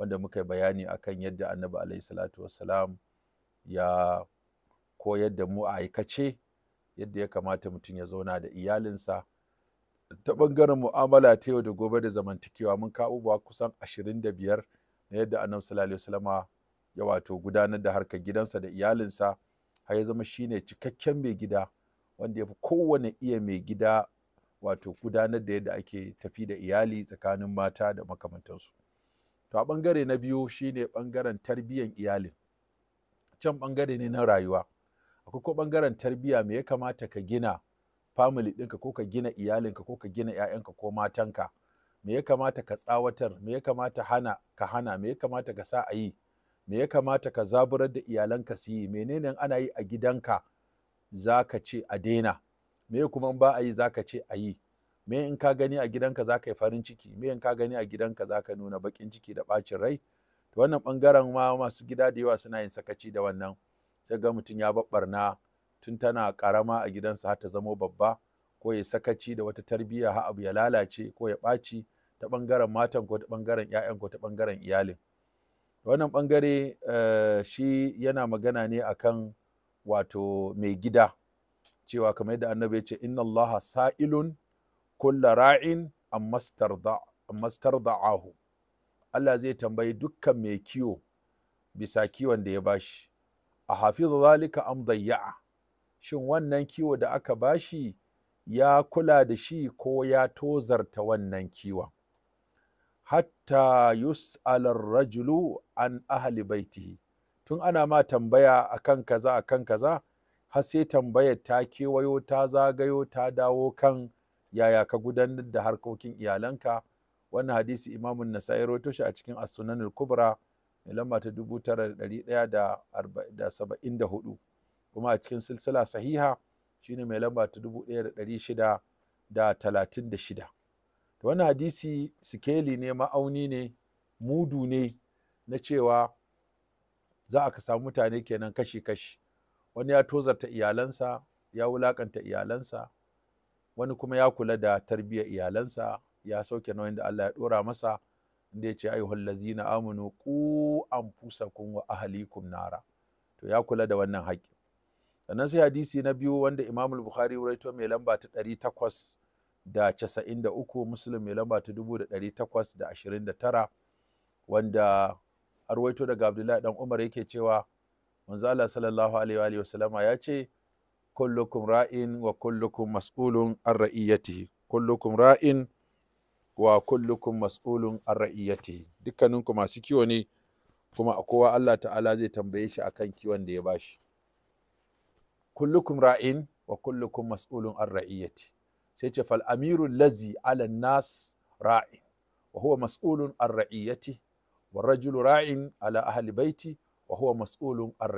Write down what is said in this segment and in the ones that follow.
wanda muka yi bayani akan yadda annabi alaihi salatu wasalam ya koyar da mu a aikace yadda ya kamata mutum ya zauna da iyalinsa ta ɓangaren mu'amala ta yau da gobe da zamantakewa mun kawo ba kusan biyar na yadda annabi sallallahu alaihi ya wato gudanar da harkar gidansa da iyalinsa har ya zama shine cikakken mai gida wanda ya fi kowane iya mai gida wato gudanar da yadda ake tafi da iyali tsakanin mata da makamantansu to a ɓangare na biyu shine ɓangaren tarbiyyan iyalin can ɓangare ne na rayuwa akwai ko ɓangaren tarbiyya me ya kamata ka gina family ɗinka ko ka gina iyalinka ko ka gina 'ya'yanka ko matanka me ya kamata ka tsawatar me ya kamata hana ka hana me ya kamata ka sa a yi me ya kamata ka zaburar da iyalanka su yi menene ana yi a gidanka za ka ce a daina me kuma ba a yi za ka ce a yi me in ka gani a gidanka za ka yi farin ciki me in ka gani a gidanka za ka nuna baƙin ciki da ɓacin rai to wannan ɓangaren ma masu gida da yawa suna yin sakaci da wannan sai ga mutum ya babbarna tun tana ƙarama a gidansa har ta zamo babba ko ya sakaci da wata tarbiyya har abu ya lalace ko ya ɓaci ta ɓangaren matan ko ta ɓangaren 'ya'yan ko ta ɓangaren iyalin wannan ɓangare eh, shi yana magana ne akan wato mai gida cewa kamar yadda annabi ya ce inna allaha sa'ilun kulla ra'in amma starda'ahu Allah zai tambayi dukkan mai kiwo bisa kiwon da ya bashi a hafizu zalika am dayya'a shin wannan kiwo da aka bashi ya kula da shi ko ya tozarta wannan kiwon hatta yus'alar rajulu an ahli baitihi tun ana ma tambaya akan kaza akan kaza har sai tambayar ta kewayo ta zagayo ta dawo kan yaya ka gudanar da harkokin iyalanka wannan hadisi imamun nasa'i rawaito shi a cikin as-sunan kubra mai lamba ta 9174 kuma a cikin silsila sahiha shine mai lamba ta 1636 to wannan hadisi sikeli ne ma'auni ne mudu ne na cewa za a ka samu mutane kenan kashi-kashi wani ya tozarta iyalansa ya wulakanta iyalansa wani kuma ya kula da tarbiyyar iyalansa ya sauke nauyin da Allah ya dora masa inda ya ce ayyuhal ladzina amanu qu anfusakum wa ahlikum nara to ya kula da wannan haƙƙi sannan sai hadisi na biyu wanda Imam Bukhari rawaito mai lamba ta takwas da 93 Muslim mai lamba ta tara. wanda arwaito daga Abdullahi dan Umar yake cewa manzo Allah sallallahu alaihi wa sallama ya ce kullukum ra'in wa kullukum mas'ulun an ra'iyatihi kullukum ra'in wa kullukum mas'ulun an dukkaninku masu kiwo ne kuma a kowa Allah ta'ala zai tambaye shi akan kiwon da ya bashi kullukum ra'in wa kullukum mas'ulun an ra'iyati sai ce fal amiru lazi ala nas ra'in wa huwa mas'ulun an ra'iyati wa rajulu ra'in ala ahli baiti wa huwa mas'ulun an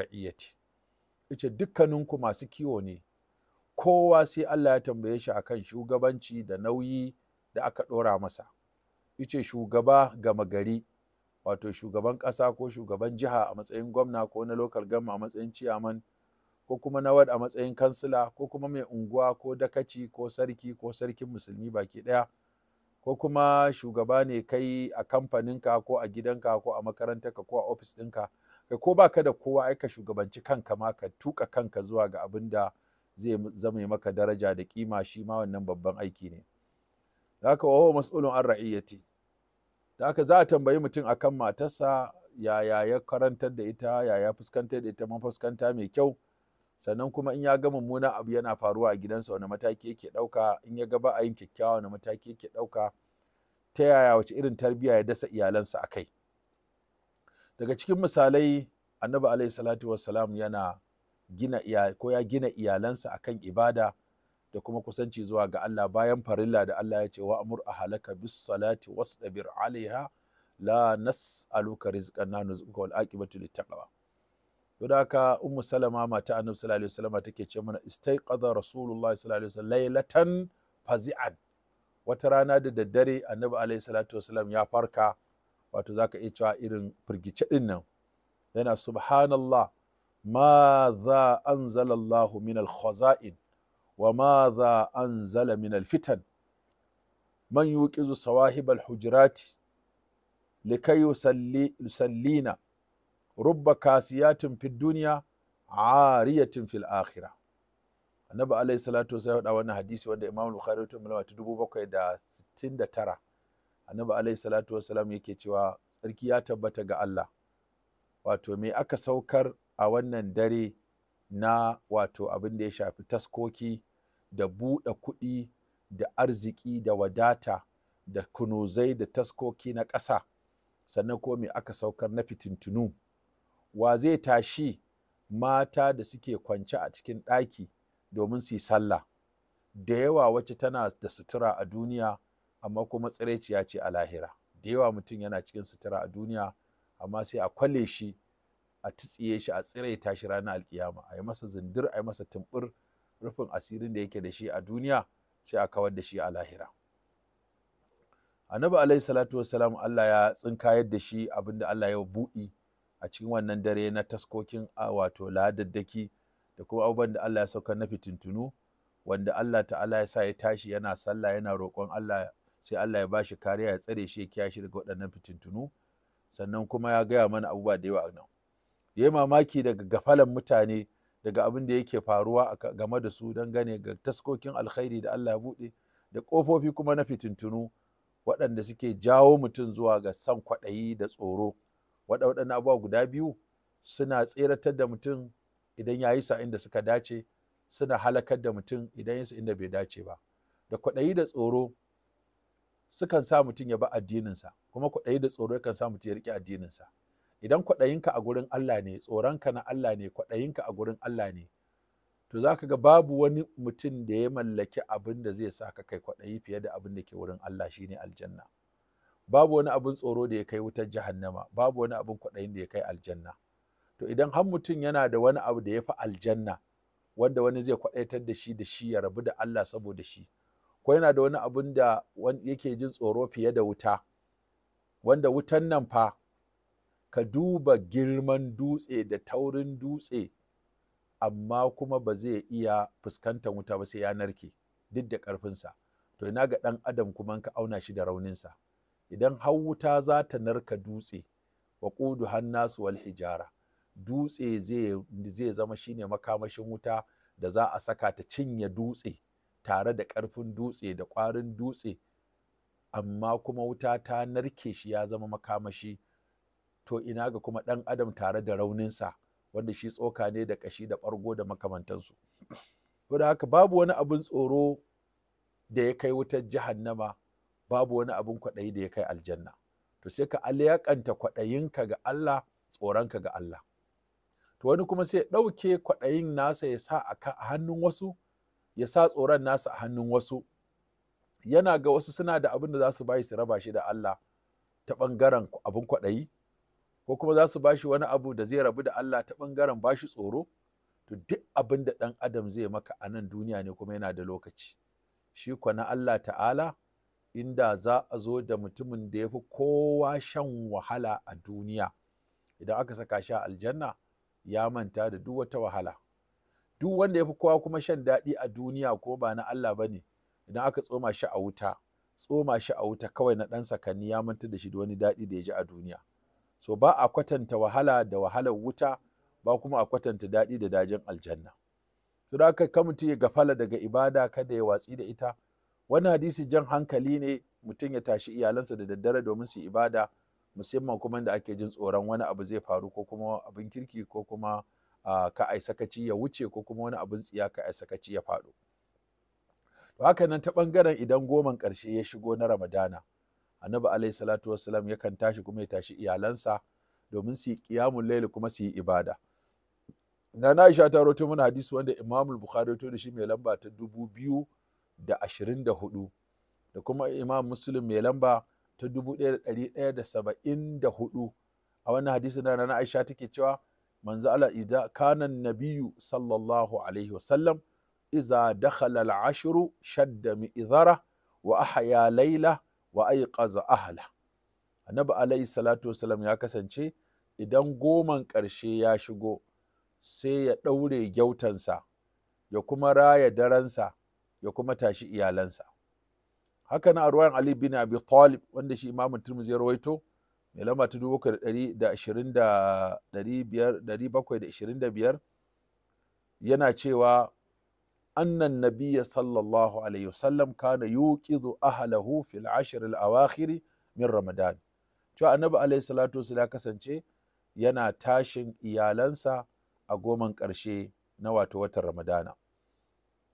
ce dukkaninku masu kiwo ne kowa sai Allah ya tambaye shi akan shugabanci da nauyi da aka ɗora masa yace shugaba gama gari wato shugaban ƙasa ko shugaban jiha a matsayin gwamna ko na lokal gama a matsayin ciyaman ko kuma na wad a matsayin kansila ko kuma mai unguwa ko dakaci ko sarki ko sarkin musulmi baki ɗaya ko kuma shugaba ne kai a kamfaninka ko a gidanka ko a makarantarka ko a ofis ɗinka ko baka da kowa ai ka shugabanci kanka ma ka tuka kanka zuwa ga abin da zai zame maka daraja da kima shi ma wannan babban aiki ne haka wa huwa mas'ulun an ra'iyati da haka za a tambayi mutum akan matarsa yaya ya karantar da ita yaya fuskantar da ita mafuskanta mai kyau sannan kuma in ya ga mummuna abu yana faruwa a gidansa wani mataki yake ɗauka in ya ga ba a yin kyakkyawa wani mataki yake ɗauka ta yaya wace irin tarbiyya ya dasa iyalansa a kai daga cikin misalai annabi alaihi salatu wassalam yana gina iya ko ya gina iyalansa akan ibada da kuma kusanci zuwa ga Allah bayan farilla da Allah ya ce wa amur ahalaka bis salati wasdabir alaiha la nas'aluka rizqan na nuzuka wal aqibatu littaqwa da haka ummu salama mata annabi sallallahu alaihi wasallam take ce mana istaiqadha rasulullahi sallallahu alaihi wasallam laylatan fazi'an wata rana da daddare annabi alaihi salatu ya farka wato zaka iya cewa irin firgice ɗin nan yana subhanallah ma za anzalallahu min al wa ma za anzala min fitan man yuqizu sawahib al hujirati. likay yusallina rubba kasiyatin fid dunya ariyatin fil akhira annabi alayhi salatu wasallam ya faɗa wannan hadisi wanda imam bukhari ya da ta 769 annabi alaihi salatu wasalam yake cewa tsarki ya tabbata ga Allah wato me aka saukar a wannan dare na wato abin da ya shafi taskoki da buɗe kuɗi da arziki da wadata da kunuzai da taskoki na ƙasa sannan ko me aka saukar na fitintunu wa zai tashi mata da suke kwance a cikin ɗaki domin su yi sallah da yawa wacce tana da sutura a duniya amma kuma tsiraiciya ce a lahira da yawa mutum yana cikin sutura a duniya amma sai a kwale shi a titsiye shi a tsiraita shi ranar alkiyama a yi masa zindir a yi masa tumbur rufin asirin da yake da shi a duniya sai a kawar da shi a lahira annabi alaihi salatu wassalam Allah ya tsinkayar da shi abinda Allah ya buɗi a cikin wannan dare na taskokin a wato ladaddaki da kuma abubuwan da Allah ya sauka na fitintunu wanda Allah ta'ala ya sa ya tashi yana sallah yana roƙon Allah sai Allah ya bashi kariya ya tsare shi ya shi daga waɗannan fitintunu sannan kuma ya gaya mana abubuwa da yawa a nan ya yi mamaki daga gafalan mutane daga abin da yake faruwa game da su don gane ga taskokin alkhairi da Allah ya buɗe da ƙofofi kuma na fitintunu waɗanda suke jawo mutum zuwa ga san kwaɗayi da tsoro waɗannan abubuwa guda biyu suna tseratar da mutum idan ya yi sa inda suka dace suna halakar da mutum idan ya sa inda bai dace ba da kwaɗayi da tsoro sukan sa mutum ya bi addininsa kuma kwaɗayi da tsoro yakan sa mutum ya riƙe addininsa idan kwaɗayinka a gurin Allah ne tsoronka na Allah ne kwaɗayinka a gurin Allah ne to za ka ga babu wani mutum da ya mallaki abin da zai sa ka kai kwaɗayi fiye da abin da ke wurin Allah shi ne aljanna babu wani abin tsoro da ya kai wutar jahannama babu wani abin kwaɗayin da ya kai aljanna to idan har mutum yana da wani abu da ya fi aljanna wanda wani zai kwaɗaitar da shi da shi ya rabu da Allah saboda shi ko yana da wani abun da yake jin tsoro fiye da wuta wanda wutan nan fa ka duba girman dutse da taurin dutse amma kuma ba zai iya fuskantar wuta ba sai ya narke duk da ƙarfinsa to ina ga ɗan adam kuma ka auna shi da rauninsa idan har wuta za ta narka dutse wa ƙudu hannasu wal hijara dutse zai zama shine makamashin wuta da za a saka ta cinye dutse tare da ƙarfin dutse da ƙwarin dutse amma kuma wuta ta narke shi ya zama makamashi to ina ga kuma ɗan adam tare da rauninsa wanda shi tsoka ne da ƙashi da ɓargo da makamantansu da haka babu wani abin tsoro da ya kai wutar jahannama babu wani abin kwaɗayi da ya kai aljanna to sai ka alyakanta kwaɗayinka ga Allah tsoronka ga Allah to wani kuma sai ɗauke kwaɗayin nasa ya sa a hannun wasu ya sa tsoron nasa a hannun wasu yana ga wasu suna da abin da za su bayi su raba shi da Allah ta ɓangaren abin kwaɗayi ko kuma za su bashi wani abu da zai rabu da Allah ta ɓangaren bashi tsoro to duk abin da ɗan adam zai maka a nan duniya ne kuma yana da lokaci shi kwa na Allah ta'ala inda za a zo da mutumin da ya fi kowa shan wahala a duniya idan aka saka shi a aljanna ya manta da duk wata wahala duk wanda ya fi kowa kuma shan daɗi a duniya ko ba na Allah ba ne idan aka tsoma shi a wuta tsoma shi a wuta kawai na ɗan sakanni ya manta da shi da wani daɗi da ya ji a duniya so ba a kwatanta wahala da wahalar wuta ba kuma a kwatanta daɗi da dajin aljanna to da aka kamuti ya gafala daga ibada kada ya watsi da ita wani hadisi jan hankali ne mutum ya tashi iyalansa da daddare domin su ibada musamman kuma da ake jin tsoron wani abu zai faru ko kuma abin kirki ko kuma ka ai sakaci ya wuce ko kuma wani abin tsiya ka ai sakaci ya faɗo to haka nan ta ɓangaren idan goman ƙarshe ya shigo na ramadana annabi alayhi salatu wassalam yakan tashi kuma ya tashi iyalansa domin su yi ƙiyamun laili kuma su yi ibada na na isha ta rawaito mana hadisi wanda imam bukhari to da shi mai lamba ta dubu biyu da ashirin da hudu da kuma imam muslim mai lamba ta dubu ɗaya da ɗari ɗaya da saba'in da hudu a wannan hadisi na na aisha take cewa manzo Allah idan kana nabiyyu sallallahu alaihi wasallam idza dakhala al ashr shadda idhara wa ahya layla wa ayqaza ahla annabi alaihi salatu wasallam ya kasance idan goman karshe ya shigo sai ya ɗaure gyautansa ya kuma raya daransa ya kuma tashi iyalansa haka na arwayan ali bin abi talib wanda shi imamu turmuzi ya rawaito mai lamba ta dubu bakwai da ɗari da ashirin da ɗari biyar ɗari bakwai da ashirin da biyar yana cewa annan nabiya sallallahu alaihi wasallam kana yuqizu ahlahu fil ashr al awakhir min ramadan cewa annabi alaihi salatu wasallam kasance yana tashin iyalansa a goman ƙarshe na wato watan ramadana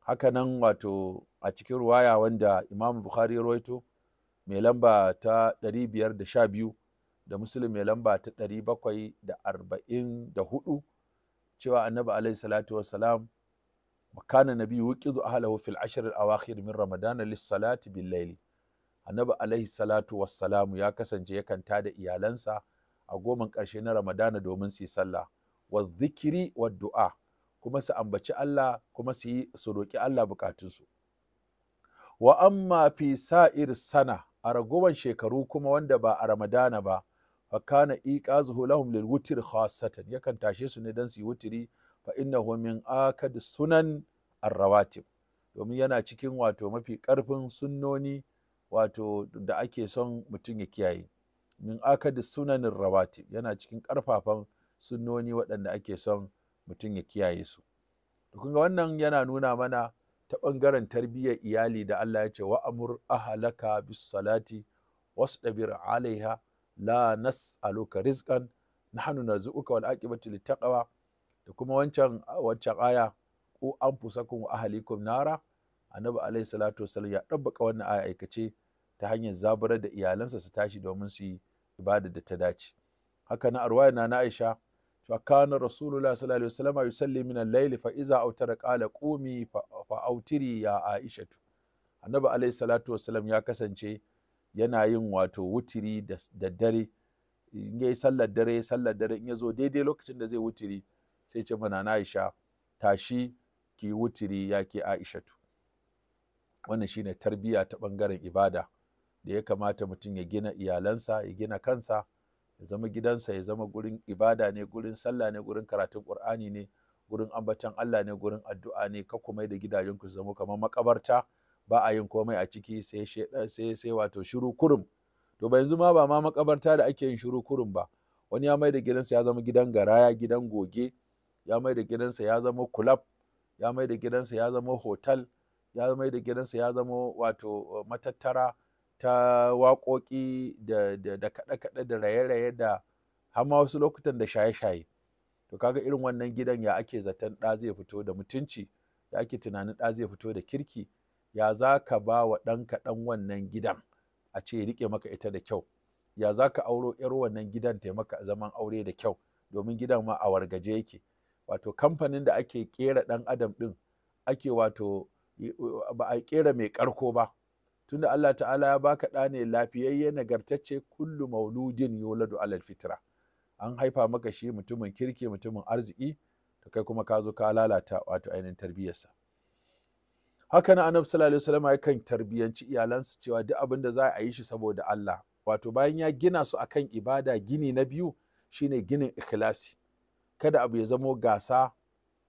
hakanan wato a cikin ruwaya wanda imam bukhari ya rawaito mai lamba ta 512 da Musulun mai lamba ta 744 cewa annabi alaihi salatu wassalam kana nabi yuqizu ahlahu fil ashr al awakhir min ramadan lis salati bil layl annabi alaihi salatu wassalam ya kasance yakan tada iyalansa a goman ƙarshe na ramadana domin su yi sallah wa zikiri wa du'a kuma su ambaci Allah kuma su yi su roƙi Allah bukatunsu wa amma fi sa'ir sana a ragowar shekaru kuma wanda ba a ramadana ba fa kana iqazuhu lahum lil wutri khassatan yakan tashe su ne dan su yi wutri fa innahu min akad sunan arrawatib domin yana cikin wato mafi karfin sunnoni wato da ake son mutum ya kiyaye min akad sunanin rawatib yana cikin karfafan sunnoni waɗanda ake son mutum ya kiyaye su kun ga wannan yana nuna mana ta ɓangaren tarbiyyar iyali da Allah ya ce wa amur ahalaka bis salati wasdabir alaiha la nas'aluka rizqan nahnu narzuquka wal aqibatu littaqwa da kuma wancan wancan aya ku anfusakum wa ahlikum nara annabi alayhi salatu wasallam ya dabbaka wannan aya aikace ta hanyar zaburar da iyalansa su tashi domin su yi ibada da ta dace haka na arwaya na Aisha fa kana rasulullah sallallahu alaihi wasallam yusalli min al-layl fa iza awtara qala qumi fa awtiri ya aishatu annabi alaihi salatu wasallam ya kasance yana yin wato wutiri da dare in ya yi sallar dare sallar dare in ya zo daidai lokacin da zai wutiri sai ce mana na aisha tashi ki wutiri ya ke tu. wannan shine tarbiya ta bangaren ibada da ya kamata mutum ya gina iyalansa ya gina kansa ya zama gidansa ya zama gurin ibada ne gurin sallah ne gurin karatun qur'ani ne gurin ambatan Allah ne gurin addu'a ne ka kuma da gidajen su zama kamar makabarta ba a yin komai a ciki sai sai sai wato shiru kurum to ba yanzu ma ba ma makabarta da ake yin shiru kurum ba wani ya mai da gidansa ya zama gidan garaya gidan goge ya mai da gidansa ya zama kulab ya mai da gidansa ya zama hotel ya mai da gidansa ya zama wato matattara ta waƙoƙi da kaɗe-kaɗe da raye-raye da har ma wasu lokutan da shaye-shaye to kaga irin wannan gidan ya ake zaton ɗa zai fito da mutunci ya ake tunanin ɗa zai fito da kirki ya za ka ba wa ɗanka ɗan wannan gidan a ce riƙe maka ita da kyau ya za ka auro 'yar wannan gidan ta maka zaman aure da kyau domin gidan ma a wargaje yake wato kamfanin da ake ƙera ɗan adam ɗin ake wato ba a ƙera mai ƙarko ba tunda Allah ta'ala ya baka ɗa ne lafiyayye nagartacce kullu mauludin yoladu alal fitra an haifa maka shi mutumin kirki mutumin arziki to kai kuma ka zo ka lalata wato ainihin tarbiyyarsa haka na annabi sallallahu alaihi wasallam yakan tarbiyanci iyalansa cewa duk abin da za a yi shi saboda Allah wato bayan ya gina su akan ibada gini na biyu shine ginin ikhlasi kada abu ya zamo gasa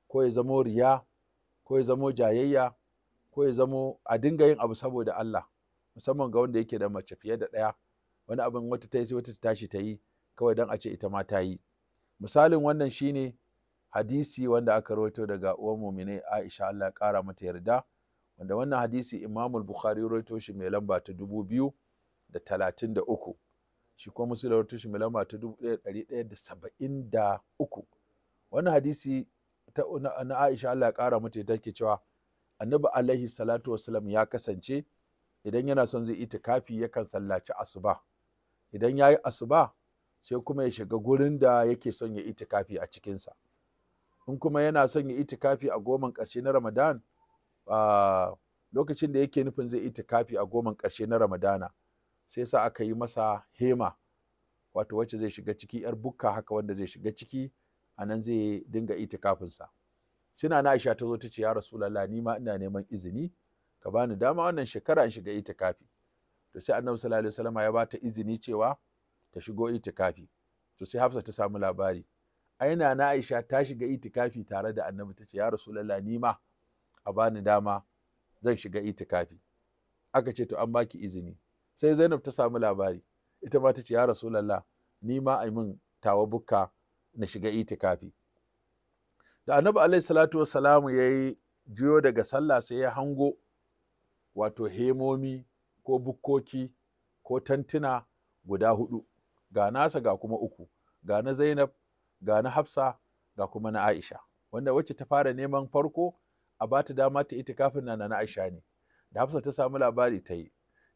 ko ya zamo riya ko ya zamo jayayya ko ya zamo a dinga yin abu saboda Allah musamman ga wanda yake da mace fiye da ɗaya wani abin wata ta yi sai wata ta tashi ta yi kawai don a ce ita ma ta yi misalin wannan shine hadisi wanda aka rawaito daga uwan mumine Aisha Allah ya kara mata yarda wanda wannan hadisi imamul bukhari rawaito shi mai lamba ta dubu biyu da talatin da uku shi kuma musu rawaito shi mai lamba ta dubu ɗaya ɗari ɗaya da saba'in da uku wannan hadisi ta na aisha allah ya ƙara mata ita ke cewa annabi alaihi salatu wasalam ya kasance idan yana son zai itikafi yakan sallaci asuba idan ya yi asuba sai kuma ya shiga gurin da yake son ya itikafi a cikinsa in kuma yana son ya itikafi a goman ƙarshe na ramadan lokacin da yake nufin zai itikafi a goman ƙarshe na ramadana sai sa aka yi masa hema wato wacce zai shiga ciki yar bukka haka wanda zai shiga ciki a nan zai dinga itikafinsa suna na aisha ta zo ta ce ya rasulallah ni ma ina neman izini ka bani dama wannan shekara in shiga itikafi to sai annabi sallallahu alaihi wasallam ya bata izini cewa ta shigo itikafi to sai hafsa ta samu labari aina na aisha ta shiga itikafi tare da annabi ta ce ya rasulallah ni ma a bani dama zan shiga itikafi aka ce to an baki izini sai zainab ta samu labari ita ma ta ce ya rasulallah ni ma a min tawa bukka na shiga itikafi da annabi alaihi salatu wassalamu ya yi juyo daga sallah sai ya hango wato hemomi ko bukkoki ko tantuna guda hudu ga nasa ga kuma uku ga na zainab ga na hafsa ga kuma na aisha wanda wacce ta fara neman farko a ba ta dama ta ita kafin na na Aisha ne da Hafsa ta samu labari ta yi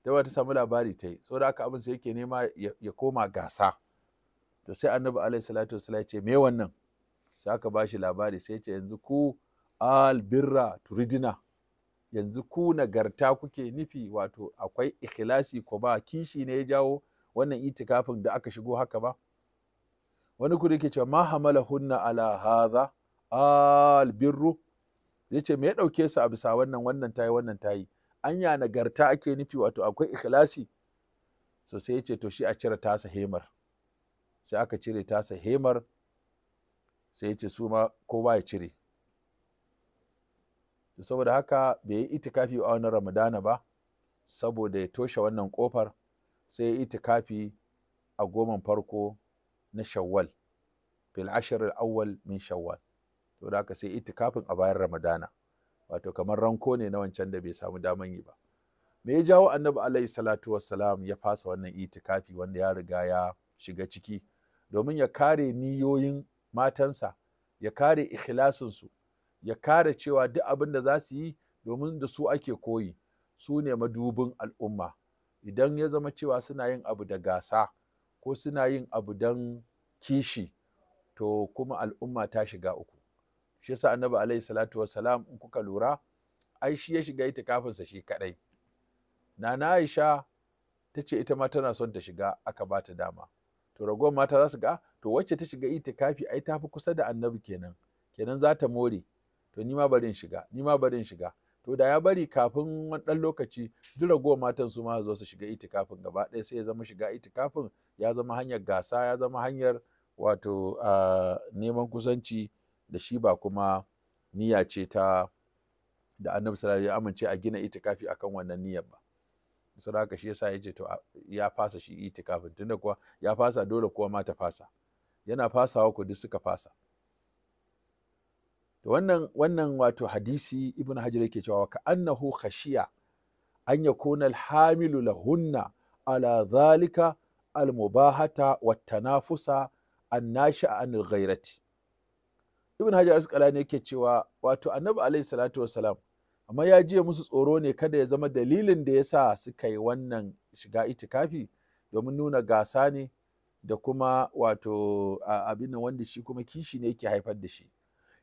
ta ta samu labari ta yi da aka abin sai yake nema ya koma gasa to sai annabi alayhi salatu wasallam ya ce me wannan sai aka ba shi labari sai ya ce yanzu ku birra turidina yanzu ku nagarta kuke nufi wato akwai ikhlasi ko ba kishi ne ya jawo wannan itikafin da aka shigo haka ba wani ku yake cewa ma hunna ala hadha birru ya ce me ya ɗauke su a bisa wannan wannan tayi wannan tayi anya nagarta ake nufi wato akwai ikhlasi so sai ya ce to shi a cire tasa hemar sai aka cire tasa hemar sai ya ce su ma kowa ya cire saboda haka bai yi itikafi a wani ramadana ba saboda ya toshe wannan kofar sai ya itikafi a goman farko na shawwal fil ashirin awwal min shawwal to da haka sai itikafin a bayan ramadana wato kamar ranko ne na wancan da bai samu daman yi ba me ya jawo annabi alaihi salatu wassalam ya fasa wannan itikafi wanda ya riga ya shiga ciki domin ya kare niyoyin matansa ya kare ikhlasinsu ya kare cewa duk abin da za su yi domin da su ake koyi su ne madubin al'umma idan ya zama cewa suna yin abu da gasa ko suna yin abu don kishi to kuma al'umma ta shiga uku shi yasa annabi alaihi salatu wa salam in kuka lura ai shi ya shiga sa shi kadai nana aisha ta ce ita ma tana son ta shiga aka ba ta dama to ragowar mata za su ga to wacce ta shiga itikafi ai ta fi kusa da annabi kenan kenan za ta more to ni ma barin shiga ni ma barin shiga to da ya bari kafin ɗan lokaci duk ragowar matan su ma zo su shiga itikafin gaba ɗaya sai ya zama shiga itikafin ya zama hanyar gasa ya zama hanyar wato ah, neman kusanci da shi ba kuma niyya ce ta da annabi sallallahu ya amince a gina itikafi akan wannan niyyar ba saboda haka shi yasa yace to ya fasa shi itikafin tunda kuwa ya fasa dole kuwa ma ta fasa yana fasawa ku duk suka fasa to wannan wannan wato hadisi ibnu hajar yake cewa ka annahu khashiya an yakuna alhamilu lahunna ala zalika almubahata wat tanafusa annashi an ghairati ibn hajar asqalani yake cewa wato annabi alaihi salatu salam, amma ya je musu tsoro ne kada ya zama dalilin da ya sa suka yi wannan shiga itikafi domin nuna gasa ne da kuma wato abin wanda shi kuma kishi ne yake haifar da shi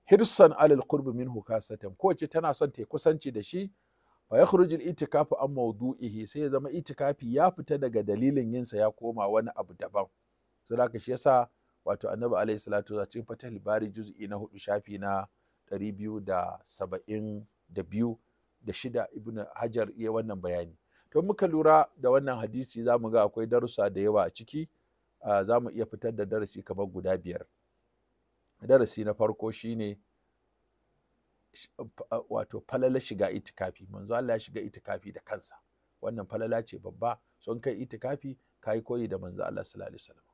hirsan alal qurbi minhu kasatan kowace tana son ta kusanci da shi fa yakhruju itikafu an mawdu'ihi sai ya zama itikafi ya fita daga dalilin yinsa ya koma wani abu daban saboda shi yasa wato annabi alayhi salatu wa cikin fatahul bari juz'i na hudu shafi na ɗari biyu da saba'in da biyu da shida ibn hajar iya wannan bayani to muka lura da wannan hadisi za mu ga akwai darussa da yawa a ciki za mu iya fitar da darasi kamar guda biyar darasi na farko shine wato falala shiga itikafi manzo Allah ya shiga itikafi da kansa wannan falala ce babba sun kai itikafi kai koyi da manzo Allah sallallahu alaihi wasallam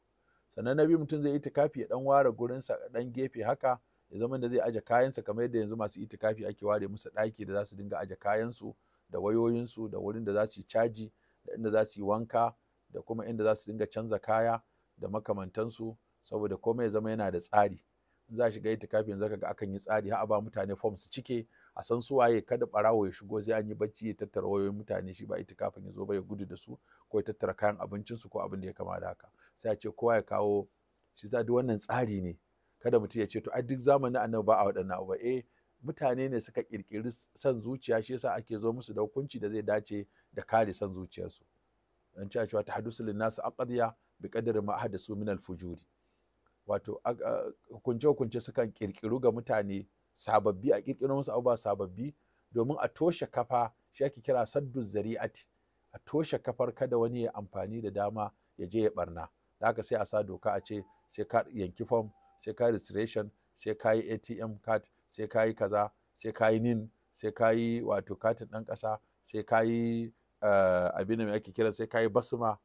sannan na biyu mutum zai yi itikafi ya dan ware gurinsa dan gefe haka ya zama da zai aje kayansa kamar yadda yanzu masu itikafi ake ware musu daki da za su dinga aje kayansu da wayoyinsu da wurin da za su yi caji da inda za su yi wanka da kuma inda za su dinga canza kaya da makamantansu saboda komai ya zama yana da tsari in za shiga itikafi yanzu ga akan yi tsari har a ba mutane form su cike a san su waye kada barawo ya shigo sai an yi bacci ya tattara wayoyin mutane shi ba itikafin ya zo ba ya gudu da su ko ya tattara kayan abincinsu ko abin da ya kama da haka sai ce kowa ya kawo shi za wannan tsari ne kada mutum ya ce to a duk zamanin annabi ba a waɗannan abu eh mutane ne suka kirkiri san zuciya shi yasa ake zo musu da hukunci da zai dace da kare san zuciyarsu dan cewa cewa tahaddusu linnasu aqdiya bi qadri ma ahdasu min al-fujuri wato hukunce hukunce sukan kirkiru ga mutane sababbi a kirkiro musu ba sababbi domin a toshe kafa shi ake kira saddu zari'ati a toshe kafar kada wani ya amfani da dama ya je ya barna da haka sai a sa doka a ce sai ka yanki form sai ka registration sai ka yi atm card sai ka yi kaza sai ka yi nin sai ka yi wato katin ɗan ƙasa sai ka yi eh, abin da mai ake kira sai ka yi basma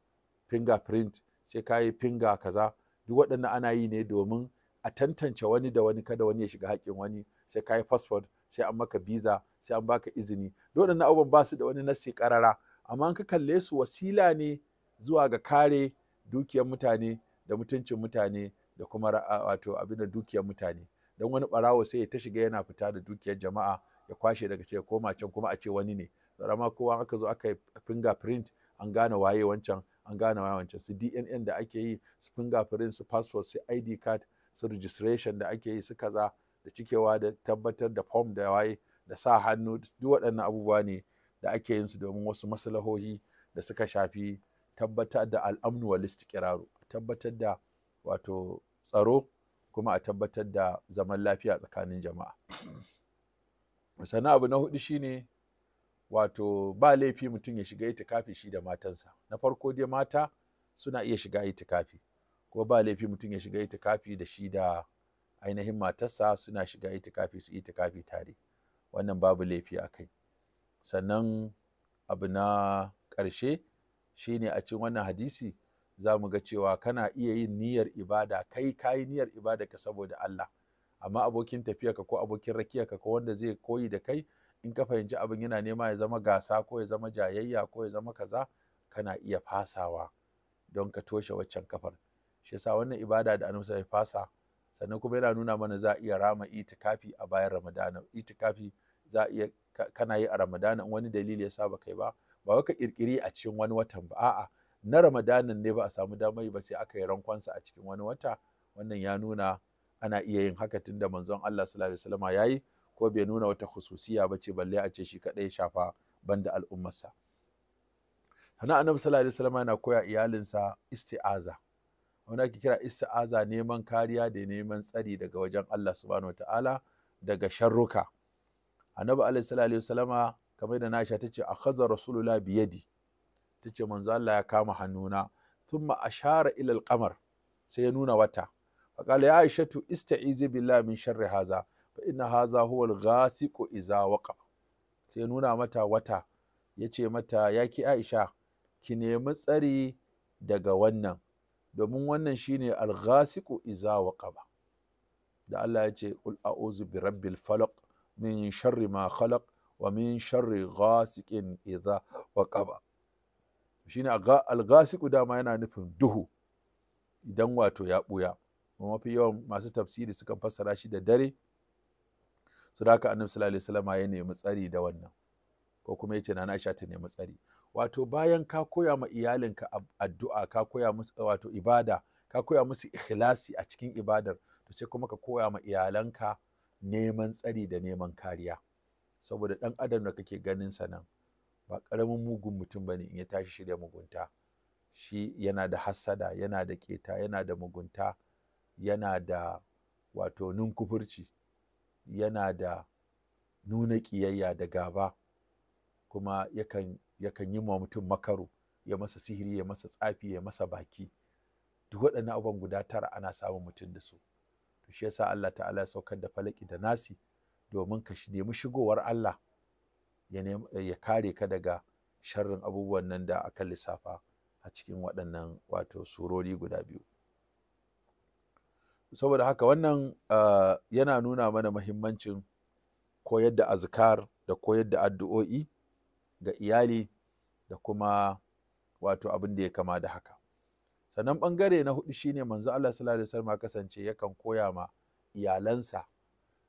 fingerprint sai ka yi finger kaza duk waɗannan ana yi ne domin a tantance wani da wani kada wani ya shiga haƙƙin wani sai ka yi passport sai an maka visa sai an baka izini duk waɗannan abubuwan ba su da wani nasi ƙarara amma an ka kalle su wasila ne zuwa ga kare dukiyar mutane da mutuncin mutane da kuma wato abin da dukiyar mutane don wani barawo sai ya ta shiga yana fita da dukiyar jama'a ya kwashe daga ce koma can kuma a ce wani ne rama kowa aka zo aka yi fingerprint an gane waye wancan an gane waye wancan su dnn da ake yi su fingerprint su passport su id card su registration da ake yi su kaza da cikewa da tabbatar da form da waye da sa hannu duk waɗannan abubuwa ne da ake yin su domin wasu maslahohi da suka shafi tabbatar da al'amnu wal istiqraru a tabbatar da wato tsaro kuma a tabbatar da zaman lafiya tsakanin jama'a sannan abu na hudu shine wato ba laifi mutum ya shiga itikafi shi da matansa na farko dai mata suna iya shiga itikafi ko ba laifi mutum ya shiga itikafi da shi da ainihin matarsa suna shiga itikafi su itikafi tare wannan babu laifi a kai sannan abu na ƙarshe shine a cikin wannan hadisi za mu ga cewa kana iya yin niyyar ibada kai ka yi niyyar ibada ka saboda Allah amma abokin tafiyarka ko abokin rakiyarka ko wanda zai koyi da kai in ka fahimci abin yana nema ya zama gasa ko ya zama jayayya ko ya zama kaza kana iya fasawa don ka toshe waccan kafar shi yasa wannan ibada da annabi ya fasa sannan kuma yana nuna mana za iya rama itikafi a bayan ramadana itikafi za iya kana yi a ramadana wani dalili ya sa ba kai ba ba ka kirkiri a cikin wani watan ba a'a na ramadanin ne ba a samu damar ba sai aka yi rankwansa a cikin wani wata wannan ya nuna ana iya yin haka tun da manzon Allah sallallahu alaihi wasallam yayi ko bai nuna wata khususiya ba ce balle a ce shi kadai shafa banda al'ummarsa sana annabi sallallahu alaihi wasallam yana koya iyalinsa isti'aza wanda ake kira isti'aza neman kariya da neman tsari daga wajen Allah subhanahu wataala daga sharruka annabi sallallahu alaihi wasallama kamar da Aisha tace akhadha rasulullah biyadi tace manzo Allah ya kama hannuna thumma ashara ila al sai ya nuna wata faƙala ya aishatu ista'izi billahi min sharri haza fa inna haza huwa al-ghasiqu idza waqa sai ya nuna mata wata yace mata yaki Aisha ki nemi tsari daga wannan domin wannan shine al-ghasiqu idza waqa da Allah ya ce qul a'udhu bi rabbil falaq min sharri ma khalaq wa min sharri ghasiqin idza waqaba shine al-ghasiqu dama yana nufin duhu idan wato ya buya mafi yawan masu tafsiri sukan fassara shi da dare su da haka annabi sallallahu alaihi ya nemi tsari da wannan ko kuma yace na Aisha ta nemi tsari wato bayan ka koya ma iyalinka addu'a ka koya musu wato ibada ka koya musu ikhlasi a cikin ibadar to sai kuma ka koya ma iyalanka neman tsari da neman kariya saboda ɗan adam da kake ganin sa nan ba ƙaramin mugun mutum ba ne in ya tashi shirya mugunta shi yana da hassada yana da keta yana da mugunta yana da wato ninkufurci yana da nuna ƙiyayya da gaba kuma yakan yakan yi ma mutum makaro ya masa sihiri ya masa tsafi ya masa baki duk waɗannan abubuwan guda tara ana samun mutum da su to shi yasa Allah ta'ala ya saukar da falaki da nasi domin ka nemi shigowar Allah ya kare ka daga sharrin abubuwan nan da aka lissafa a cikin waɗannan wato surori guda biyu saboda haka wannan ah, yana nuna mana mahimmancin koyar da azkar da koyar da addu'o'i ga iyali da kuma wato abin da ya kama da haka sannan ɓangare na hudu shine manzo Allah sallallahu alaihi wasallam kasance yakan koya ma iyalansa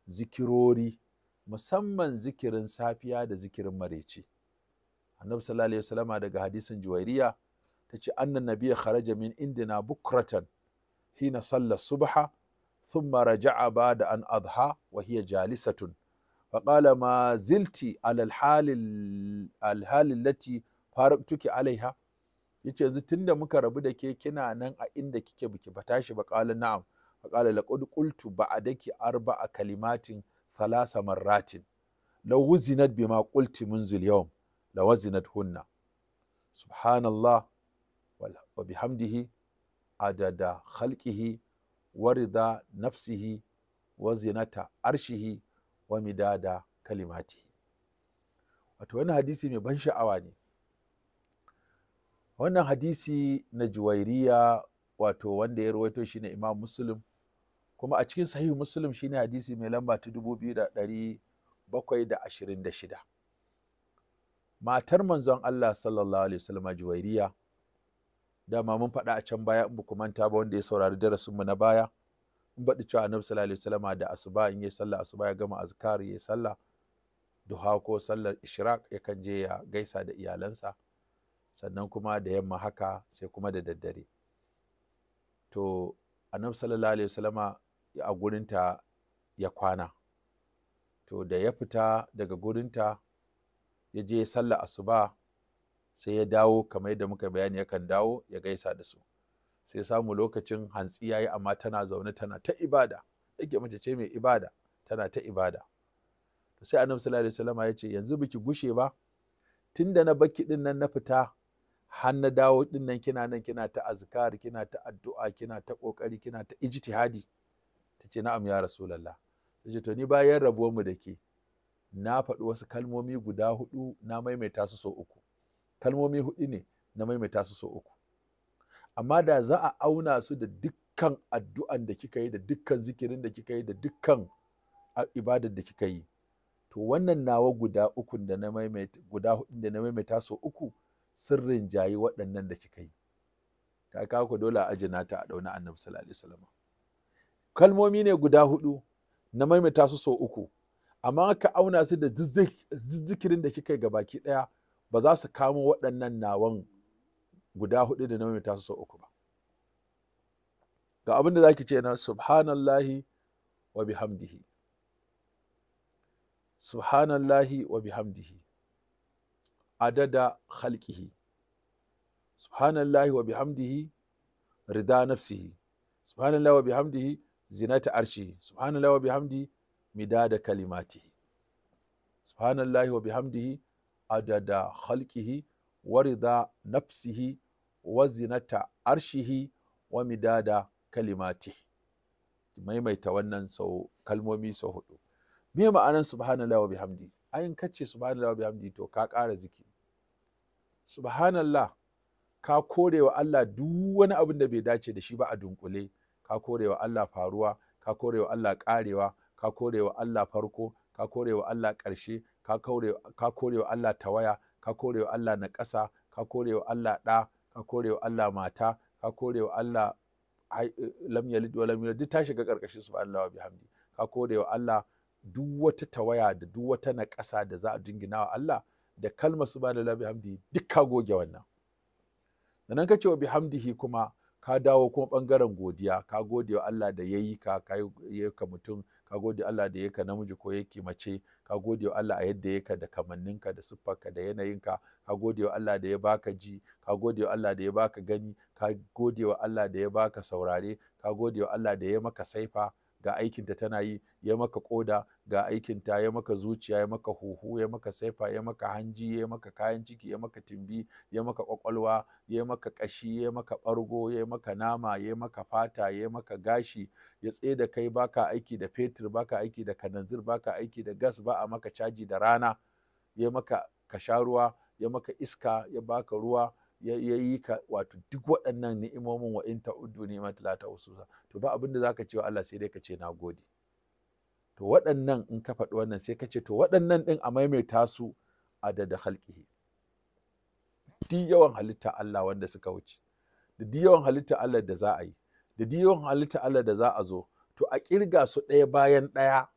zikirori musamman zikirin safiya da zikirin maraice annabi sallallahu alaihi wasallama daga hadisin juwairiya ta ce annan nabiya kharaja min indina bukratan hina salla subha thumma raja'a ba'da an adha wa hiya jalisatun فقال ما زلت على الحال الحال التي فارقتك عليها yace yanzu tunda muka rabu da ke kina nan a inda kike biki ba tashi ba qala na'am فقال لقد قلت بعدك أربع كلمات ثلاث مرات لو وزنت بما قلت منذ اليوم لوزنت هن سبحان الله وبحمده عدد خلقه ورضا نفسه وزنة عرشه ومداد كلماته wato wannan hadisi mai ban sha'awa ne wannan hadisi na juwairiya wato wanda ya rawaito shi ne imam muslim kuma a cikin sahihu muslim shine hadisi mai lamba ta da da da ashirin shida. matar manzon Allah sallallahu alaihi wasallam juwairiya dama mun faɗa a can baya in ku manta ba wanda ya saurari darasin mu na baya in baɗi cewa annabi sallallahu alaihi wasallam da asuba in yayi sallah asuba ya gama azkar ya sallah duha ko sallar ishraq yakan je ya gaisa da iyalansa sannan kuma da yamma haka sai kuma da daddare to annabi sallallahu alaihi wasallam a gurinta ya kwana to da ya fita daga gurinta ya je sallah asuba sai ya dawo kamar yadda muka bayani ya kan dawo ya gaisa da su sai samu lokacin hantsi yayi amma tana zaune tana ta ibada yake mace ce mai ibada tana ta ibada to sai annabi sallallahu alaihi wasallam ya ce yanzu biki gushe ba tunda na baki din nan na fita har na dawo din nan kina nan kina ta azkar kina ta addu'a kina ta kokari kina ta ijtihadi ta ce na'am ya rasulallah ta ce to ni bayan rabuwanmu da ke na faɗi wasu kalmomi guda hudu na maimaita su sau uku kalmomi hudu ne na maimaita su sau uku amma da za a auna su da dukkan addu'an da kika yi da dukkan zikirin da kika yi da dukkan ibadar da kika yi to wannan nawa guda uku da na maimaita guda hudu da na maimaita sau uku sirrin jayi waɗannan da kika yi ta kawo dole a ajina ta a ɗauna annabi sallallahu alaihi wasallam kalmomi ne guda hudu na maimaita su sau uku amma ka auna su da zikirin da kika yi ga baki daya ba za su kamo waɗannan nawan guda hudu da na maimaita su sau uku ba ga abin da za ki ce na subhanallahi wa bihamdihi subhanallahi wa bihamdihi adada khalqihi subhanallahi wa bihamdihi rida nafsihi subhanallahi wa bihamdihi zinata arshi subhanallahi wa bihamdi midada kalimatihi subhanallahi wa bihamdihi adada khalqihi wa rida nafsihi wa zinata arshihi wa midada kalimatihi maimaita wannan sau kalmomi sau hudu me ma'anan subhanallahi wa bihamdi ayin kace subhanallahi wa bihamdi to ka ƙara zikiri subhanallah ka kore wa Allah duk wani abin da bai dace da shi ba a dunkule ka korewa Allah faruwa ka korewa Allah karewa ka korewa Allah farko ka korewa Allah ƙarshe ka korewa Allah tawaya ka korewa Allah naƙasa ka korewa Allah ɗa ka korewa Allah mata ka korewa Allah lam yalid wa lam yulad duk ta shiga ba, Allah wa bihamdi ka korewa Allah duk wata tawaya da duk wata naƙasa da za a jingina wa Allah da kalmar subhanallahi wa bihamdi duk ka goge wannan sannan ka ce wa bihamdihi kuma ka dawo kuma ɓangaren godiya ka gode wa Allah da ya yi ka ka yi ka mutum ka gode wa Allah da ya ka namiji ko yake mace ka gode wa Allah a yadda ya ka da kamanninka da siffarka da yanayinka ka gode wa Allah da ya baka ji ka gode wa Allah da ya baka gani ka gode wa Allah da ya baka saurare ka gode wa Allah da ya maka saifa ga aikinta tana yi ya maka koda ga aikinta ya maka zuciya ya maka huhu ya maka saifa ya maka hanji ya maka kayan ciki ya maka timbi ya maka kwakwalwa ya maka kashi ya maka bargo ya maka nama ya maka fata ya maka gashi ya tsaye da kai baka aiki da fetur baka aiki da kananzir baka aiki da gas ba a maka caji da rana ya maka kasharuwa, ya maka iska ya baka ruwa ya yi ka wato duk waɗannan ni'imomin wa in ta'uddu ni'mata la ta'usuha to ba abin da zaka ce wa Allah sai dai ka ce nagode to waɗannan in ka faɗi wannan sai ka ce to waɗannan ɗin a maimaita su a adada halƙihi duk yawan halitta Allah wanda suka wuce da yawan halitta Allah da za a yi da duk yawan halitta Allah da za a zo to a kirga su ɗaya bayan ɗaya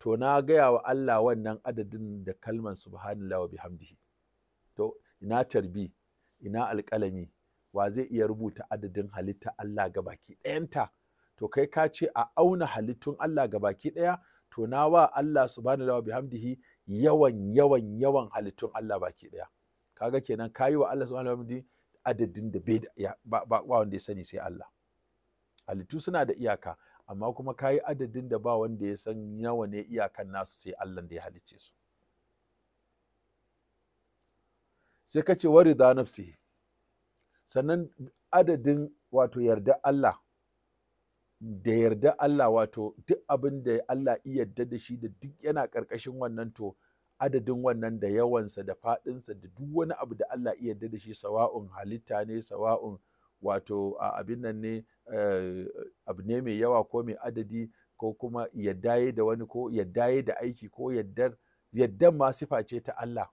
to na gaya wa Allah wannan adadin da kalman subhanallahi wa bihamdihi to ina tarbi ina alƙalami wa zai iya rubuta adadin halitta Allah ga baki ɗayanta to kai ka ce a auna halittun Allah ga baki ɗaya to na wa Allah subhanahu wa bihamdihi yawan yawan yawan halittun Allah baki ɗaya kaga kenan kayi wa Allah subhanahu wa bihamdihi adadin da bai ba, ba, wanda ya sani sai Allah halittu suna da iyaka amma kuma kayi adadin da ba wanda ya san nawa ne iyakan nasu sai Allah da ya halicce su sai kace ce wari da nafsi sannan adadin wato yarda Allah da yarda Allah wato duk abin da Allah yarda da shi da duk yana ƙarƙashin wannan to adadin wannan da yawansa da faɗinsa da duk wani abu da Allah yarda da shi sawa'un halitta ne sawa'un wato abin nan ne eh, abu ne mai yawa ko mai adadi ko kuma yadda da wani ko yadda da aiki ko yaddar yaddan ma ce ta Allah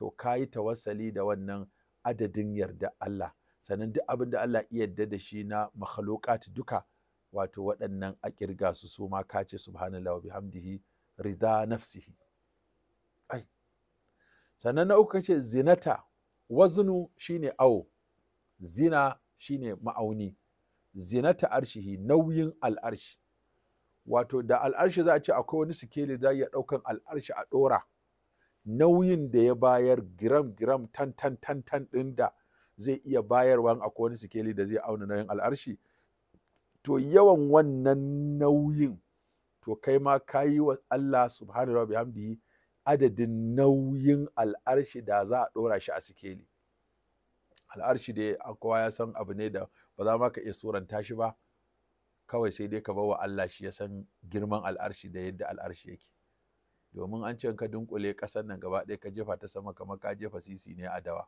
to ka yi tawassali da wannan adadin yarda Allah sannan duk abin da Allah iya yarda da shi na makhluqat duka wato waɗannan a ƙirga su su ma ka ce subhanallah wa bihamdihi rida nafsihi ai sannan na uku ce zinata waznu shine awo zina shine ma'auni zinata arshihi nauyin al'arshi wato da al'arshi za a ce akwai wani sikeli da ya ɗaukan al'arshi a ɗora nauyin da ya bayar giram giram tan tan tan tan ɗin da zai iya bayarwa a wani sikeli da zai auna nauyin al'arshi to yawan wannan nauyin to kai ma ka yi wa Allah subhanahu wa bihamdihi adadin nauyin al'arshi da za a ɗora shi a sikeli al'arshi dai kowa ya san abu ne da ba za ma ka iya suranta shi ba kawai sai dai ka bawa Allah shi ya san girman al'arshi da yadda al'arshi yake domin an ce ka dunkule ƙasar nan gaba ɗaya ka jefa ta sama kamar ka jefa sisi ne a dawa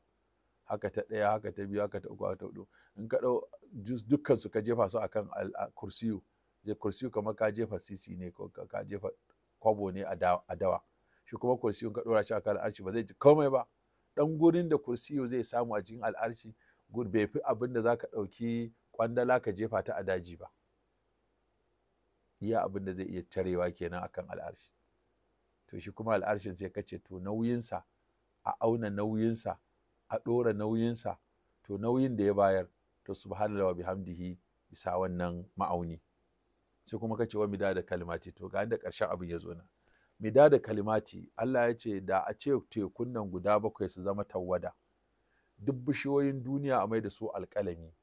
haka ta ɗaya haka ta biyu haka ta uku haka ta hudu in ka ɗau dukkan su ka jefa su akan kursiyu je kursiyu kamar ka jefa sisi ne ko ka jefa kwabo ne a dawa shi kuma kursiyu ka ɗora shi akan al'arshi ba zai ji komai ba ɗan gurin da kursiyu zai samu a cikin al'arshi bai fi abin da za ka ɗauki kwandala ka jefa ta a daji ba iya abin da zai iya tarewa kenan akan al'arshi to shi kuma al'arshin sai kace to nauyinsa a auna nauyinsa a ɗora nauyinsa to nauyin da ya bayar to subhanallah wa bihamdihi bisa wannan ma'auni sai kuma kace wa midada kalimati to ga da ƙarshen abin ya zo na da kalimati Allah ya ce da a ce tekun nan guda bakwai su zama tawwada duk bishiyoyin duniya a mai da su alƙalami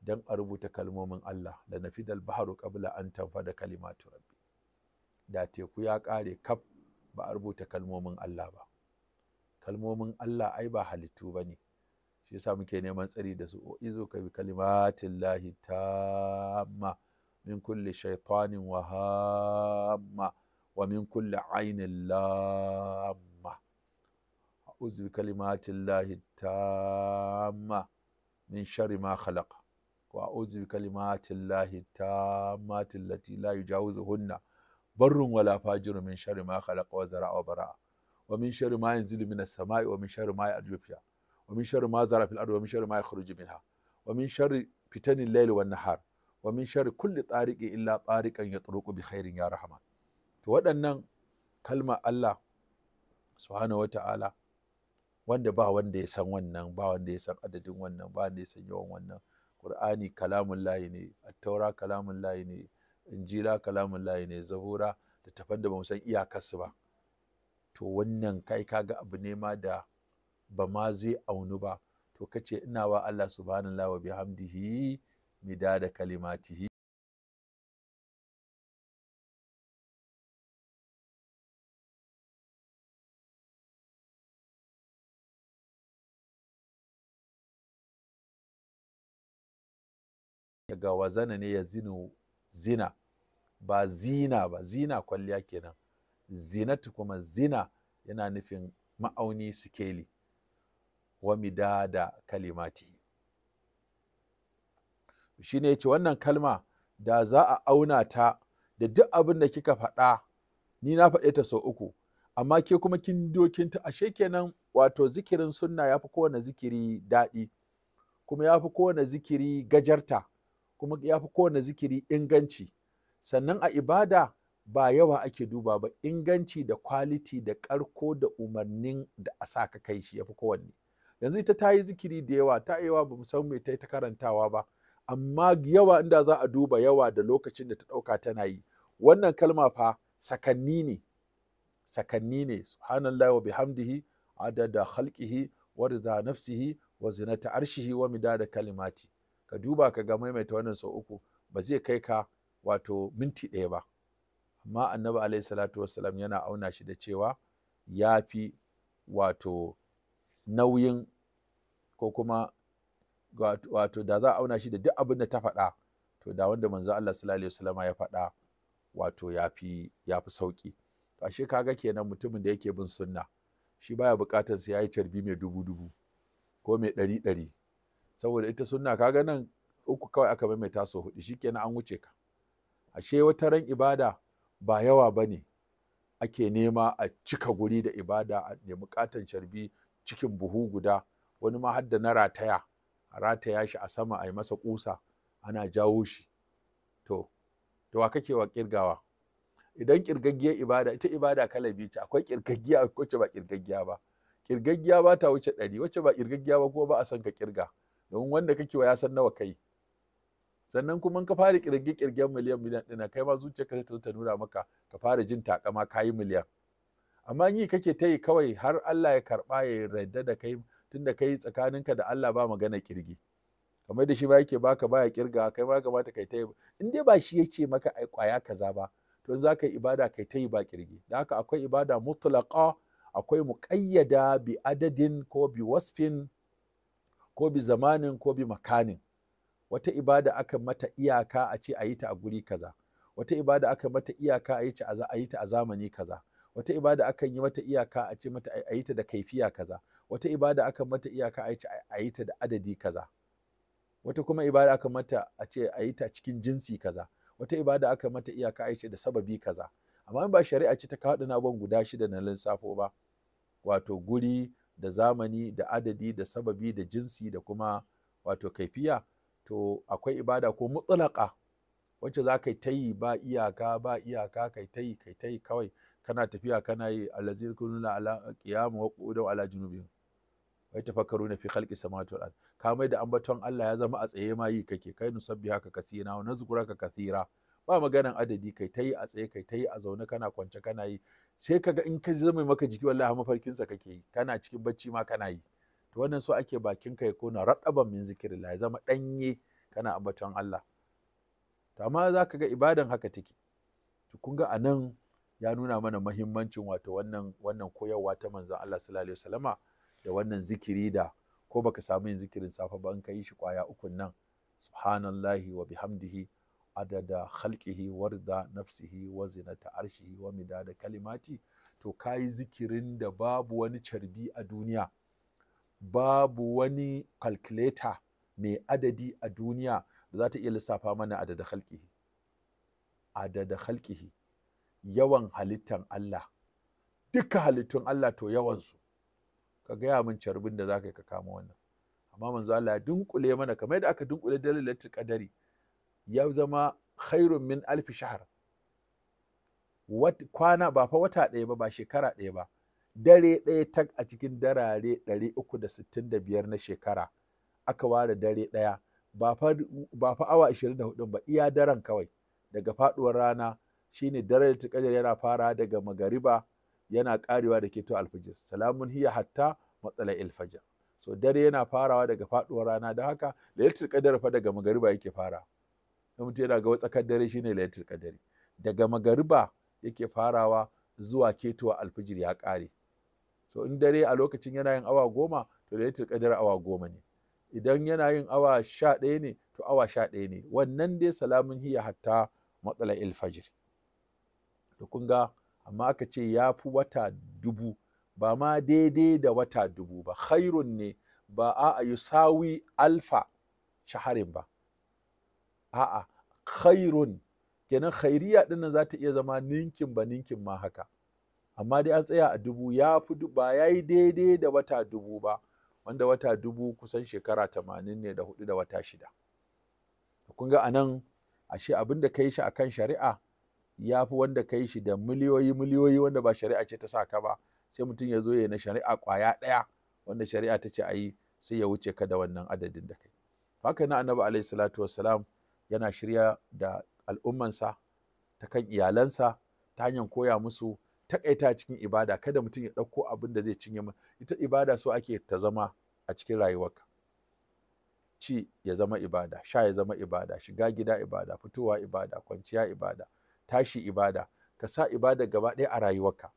dan a rubuta kalmomin Allah da nafidal baharu qabla an tanfada kalimatu rabbi da teku ya kare kaf ba a rubuta kalmomin Allah ba kalmomin Allah ai ba halittu bane shi yasa muke neman tsari da su o izo ka bi kalimatin lahi tamma min kulli shaitanin wahamma wa min kulli ainin lamma a'udhu bi kalimatin lahi tamma min sharri ma khalaq wa a'udhu bi kalimatin lahi tammati allati la yujawizuhunna barrun wala fajiru min sharri ma khalaqa wa zara'a wa bara'a wa min sharri ma yanzilu minas sama'i wa min sharri ma ya'ju fiha wa min sharri ma zara fil ardi wa min sharri ma yakhruju minha wa min sharri fitanil layli wan nahar wa min sharri kulli tariqi illa tariqan yatruqu bi khairin ya rahman to waɗannan kalma Allah subhanahu wata'ala wanda ba wanda ya san wannan ba wanda ya san adadin wannan ba wanda ya san yawan wannan Qur'ani kalamun layi ne, Attaura kalamun layi ne, injila kalamun layi ne zabura da tafar da san iyakarsu ba to wannan kai ka ga abu ne ma da ba ma zai aunu ba to kace ina wa Allah subhanallahi wa bihamdihi midada kalimatihi ga wazana ne ya zina ba zina ba zina kwalliya kenan zinatu kuma zina yana nufin ma'auni sikeli wa da kalimati shi ne ce wannan kalma da za a auna ta da duk abin da kika faɗa ni na faɗe ta sau uku amma ke kuma kin dokinta ashe kenan wato zikirin sunna ya fi kowane zikiri daɗi kuma ya fi kowane zikiri gajarta kuma ya fi kowane zikiri inganci sannan a ibada ba yawa ake duba ba inganci da kwaliti da karko da umarnin da a sa ka kai shi ya fi kowanne yanzu ita ta yi zikiri da yawa ta yawa ba mu san me ta ta karantawa ba amma yawa inda za a duba yawa da lokacin da ta ɗauka tana yi wannan kalma fa sakanni ne sakanni ne subhanallahi wa bihamdihi adada khalqihi wa rida nafsihi wa zinata arshihi wa midada kalimati ka duba ka ga maimaita wannan sau uku ba zai kai ka wato minti ɗaya ba amma annabi alaihi salatu wassalam yana auna shi da cewa ya fi wato nauyin ko kuma wato da za a auna shi da duk abin da ta faɗa to da wanda manzo Allah sallallahu alaihi wasallam ya faɗa wato ya fi ya fi sauki to ashe kaga kenan mutumin da yake bin sunna shi baya bukatar sai yi carbi mai dubu dubu ko mai ɗari ɗari saboda ita sunna kaga nan uku kawai aka maimaita so hudu shikenan an wuce ka ashe wata ran ibada ba yawa ba ne ake nema a cika guri da ibada a nemi katon sharbi cikin buhu guda wani ma hadda na rataya a rataya shi a sama a yi masa kusa ana jawo shi to to wa kake wa kirgawa idan kirgaggiyar ibada ita ibada kala biyu ce akwai kirgaggiya wacce ba kirgaggiya ba kirgaggiya ba ta wuce ɗari wacce ba kirgaggiya ba kuma ba a san ka kirga don wanda kake wa ya san nawa kai sannan kuma ka fara kirge kirgen miliyan miliyan ina, kai ma zuciya ta ta nuna maka ka fara jin takama kayi miliyan amma yi kake ta yi kawai har Allah ya karɓa ya yarda da kai tunda kai tsakaninka da Allah ba magana kirgi kamar da shi ba yake baka baya kirga kai ma kamata kai ta yi in dai ba shi yace maka ai kwaya kaza ba to za ka yi ibada kai ta yi ba kirgi da haka akwai ibada mutlaqa akwai muqayyada bi adadin ko bi wasfin ko bi zamanin ko bi makanin wata ibada aka mata iyaka a ce a yi ta a guri kaza wata ibada aka mata iyaka a yi ta a zamani kaza wata ibada akan yi mata iyaka a ce mata a yi ta da kaifiya kaza wata ibada akan mata iyaka a ce a yi ta da adadi kaza wata kuma ibada akan mata a ce a yi ta cikin jinsi kaza wata ibada akan mata iyaka a ce da sababi kaza amma ba shari'a ce ta kawo na guda shida na lissafo ba wato guri da zamani da adadi da sababi da jinsi da kuma wato kaifiya to akwai ibada ko mutsulaka wacce za ka ta yi ba iyaka ba iyaka kai ta yi kai ta yi kawai kana tafiya kana yi alazir kununa ala qiyam wa qu'udu ala junubihim wai tafakkaruna fi khalqi samawati wal ard ka mai da ambaton Allah ya zama a tsaye ma yi kake kai na kasira wa ka kathira ba maganan adadi kai ta yi a tsaye kai ta yi a zaune kana kwance kana yi sai ka ga in ka zama maka jiki wallahi mafarkin sa kake yi kana cikin bacci ma kana yi to wannan so ake bakin ka ya kona raɗaban min zikirillah ya zama danye kana ambaton Allah to amma zaka ga ibadan haka take to kun ga anan ya nuna mana mahimmancin wato wannan wannan koyarwa ta manzon Allah sallallahu alaihi wasallama da wannan zikiri da ko baka samu yin zikirin safa ba in ka yi shi kwaya ukun nan subhanallahi wa bihamdihi adada khalqihi warda nafsihi wa zinata arshihi wa midada kalimati to kayi zikirin da babu wani carbi a duniya babu wani calculator mai adadi a duniya da za ta iya lissafa mana adada khalqihi adada khalqihi yawan halittan Allah duka halittun Allah to yawansu ka gaya min carbin da za ka yi ka kama wannan amma manzo Allah ya dunkule mana kamar yadda aka dunkule dalilatul qadari ya zama khairun min alfi shahar kwana ba fa wata ɗaya ba ba shekara ɗaya ba dare ɗaya tak a cikin darare biyar na shekara aka ware dare ɗaya ba fa awa 24 ba iya daren kawai daga faɗuwar rana shine dare da taƙajar yana fara daga magariba yana karewa da keto alfajir salamun hiya hatta matsala ilfajir so dare yana farawa daga faɗuwar rana don haka da lailatul kadar fa daga magariba yake fara in mutum yana ga tsakar dare shine lailatul kadari daga magariba yake farawa zuwa ketowa alfijir ya kare so in dare a lokacin yana yin awa goma to lailatul kadari awa goma ne idan yana yin awa sha ɗaya ne to awa sha ɗaya ne wannan dai salamun hiya hatta matsala ilfajir to kun ga amma aka ce ya fi wata dubu ba ma daidai da wata dubu ba khairun ne ba a sawi alfa shaharin ba a'a khairun kenan khairiya dinnan za ta iya zama ninkin ba ninkin ma haka amma dai an tsaya a dubu ya fi ba ya yi daidai da wata dubu ba wanda wata dubu kusan shekara tamanin ne da hudu da wata shida kun ga anan ashe abin da ka yi shi akan shari'a ya fi wanda ka shi da miliyoyi miliyoyi wanda ba shari'a ce ta sa ka ba sai mutum ya zo ya na shari'a kwaya ɗaya wanda shari'a ta ce a yi sai ya wuce ka da wannan adadin da kai haka na annabi alaihi salatu wassalam yana shirya da al'ummansa ta kan iyalansa ta hanyar koya musu takaita cikin ibada kada mutum ya ɗauko abin da zai cinye ita ibada so ake ta zama a cikin rayuwarka ci ya zama ibada sha ya zama ibada shiga gida ibada fitowa ibada kwanciya ibada tashi ibada ka sa ibada gaba ɗaya a rayuwarka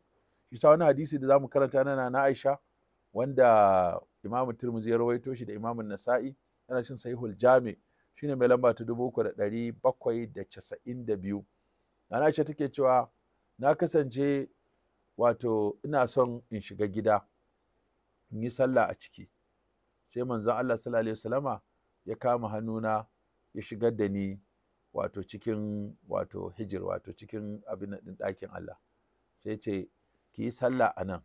shi wani hadisi da za mu karanta nana na Aisha wanda Imam Tirmidhi ya rawaito shi da Imam Nasa'i yana cin Sahihul Jami' shine mai lamba ta dubu uku da ɗari bakwai da casa'in da biyu ana ce take cewa na kasance wato ina son in shiga gida in yi sallah a ciki sai manzon Allah sallallahu alaihi wasallama ya kama hannuna ya shigar da ni wato cikin wato hijir wato cikin abin ɗin ɗakin Allah sai ce ki yi sallah a nan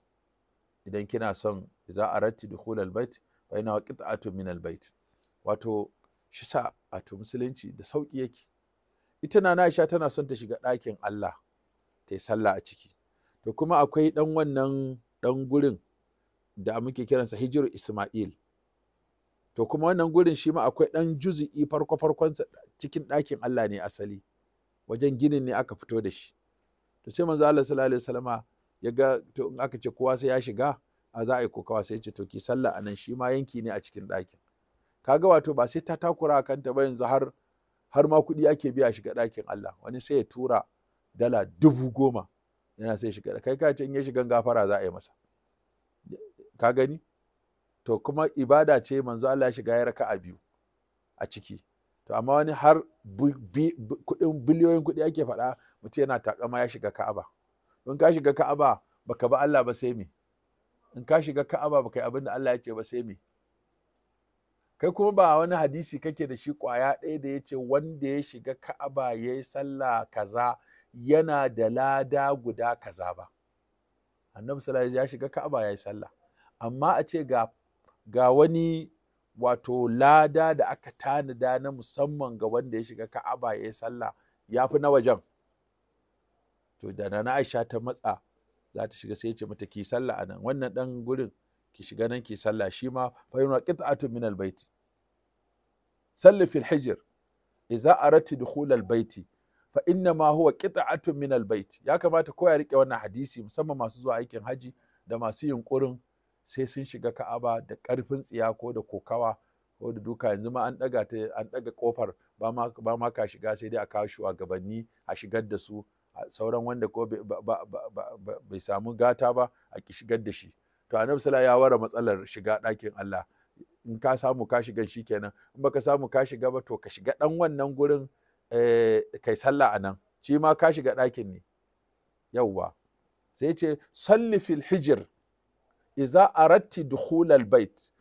idan kina son za a ratti dukhul albait fa ina qit'atu min albait wato shi sa musulunci da sauƙi yake ita na Aisha tana son ta shiga ɗakin Allah ta yi sallah a ciki to kuma akwai ɗan wannan ɗan gurin da muke kiransa hijiru Ismail to kuma wannan gurin shi ma akwai ɗan juzu'i farko farkonsa cikin ɗakin Allah ne asali wajen ginin ne aka fito da shi to sai manzo Allah sallallahu alaihi wasallama ya ga to in aka ce kowa sai ya shiga a za a yi kokawa sai ya ce to ki sallah anan shi ma yanki ne a cikin ɗakin kaga wato ba sai ta takura kanta ba yanzu har har ma kuɗi ake biya shiga ɗakin Allah wani sai ya tura dala dubu goma yana sai shiga kai ka ce in ya shiga gafara za a yi masa ka gani to kuma ibada ce manzo Allah ya shiga ya raka a biyu a ciki to amma wani har kuɗin biliyoyin kuɗi ake faɗa mutu yana takama ya shiga Ka'aba in ka shiga Ka'aba baka ba Allah ba sai me in ka shiga Ka'aba baka yi abin da Allah ya ce ba sai me kai kuma ba wani hadisi kake da shi kwaya ɗaya da ya ce wanda ya shiga ka'aba ya yi sallah kaza yana da lada guda kaza ba annabi sallallahu ya shiga ka'aba ya yi sallah amma a ce ga wani wato lada da aka tanada na musamman ga wanda ya shiga ka'aba ya yi sallah ya fi na wajen to da na aisha ta matsa za ta shiga sai ya ce mata ki sallah anan wannan dan gurin ki shiga nan ki sallah shi ma fa yuna qit'atun min albayt salli fil hijr idza aradti dukhul albayt fa inna ma huwa qit'atun min albayt ya kamata ko ya rike wannan hadisi musamman masu zuwa aikin haji da masu yunkurin sai sun shiga ka'aba da karfin tsiya ko da kokawa ko da duka yanzu ma an daga ta an daga kofar ba ma ka shiga sai dai a kawo shugabanni a shigar da su sauran wanda ko bai samu gata ba a ki shigar da shi to annabi sallallahu ya wara matsalar shiga ɗakin Allah in ka samu ka shiga shikenan in baka samu ka shiga ba to ka shiga ɗan wannan gurin eh, kai sallah anan shi ma ka shiga ɗakin ne yawwa sai ce salli fil hijr idza aratti dukhul al bait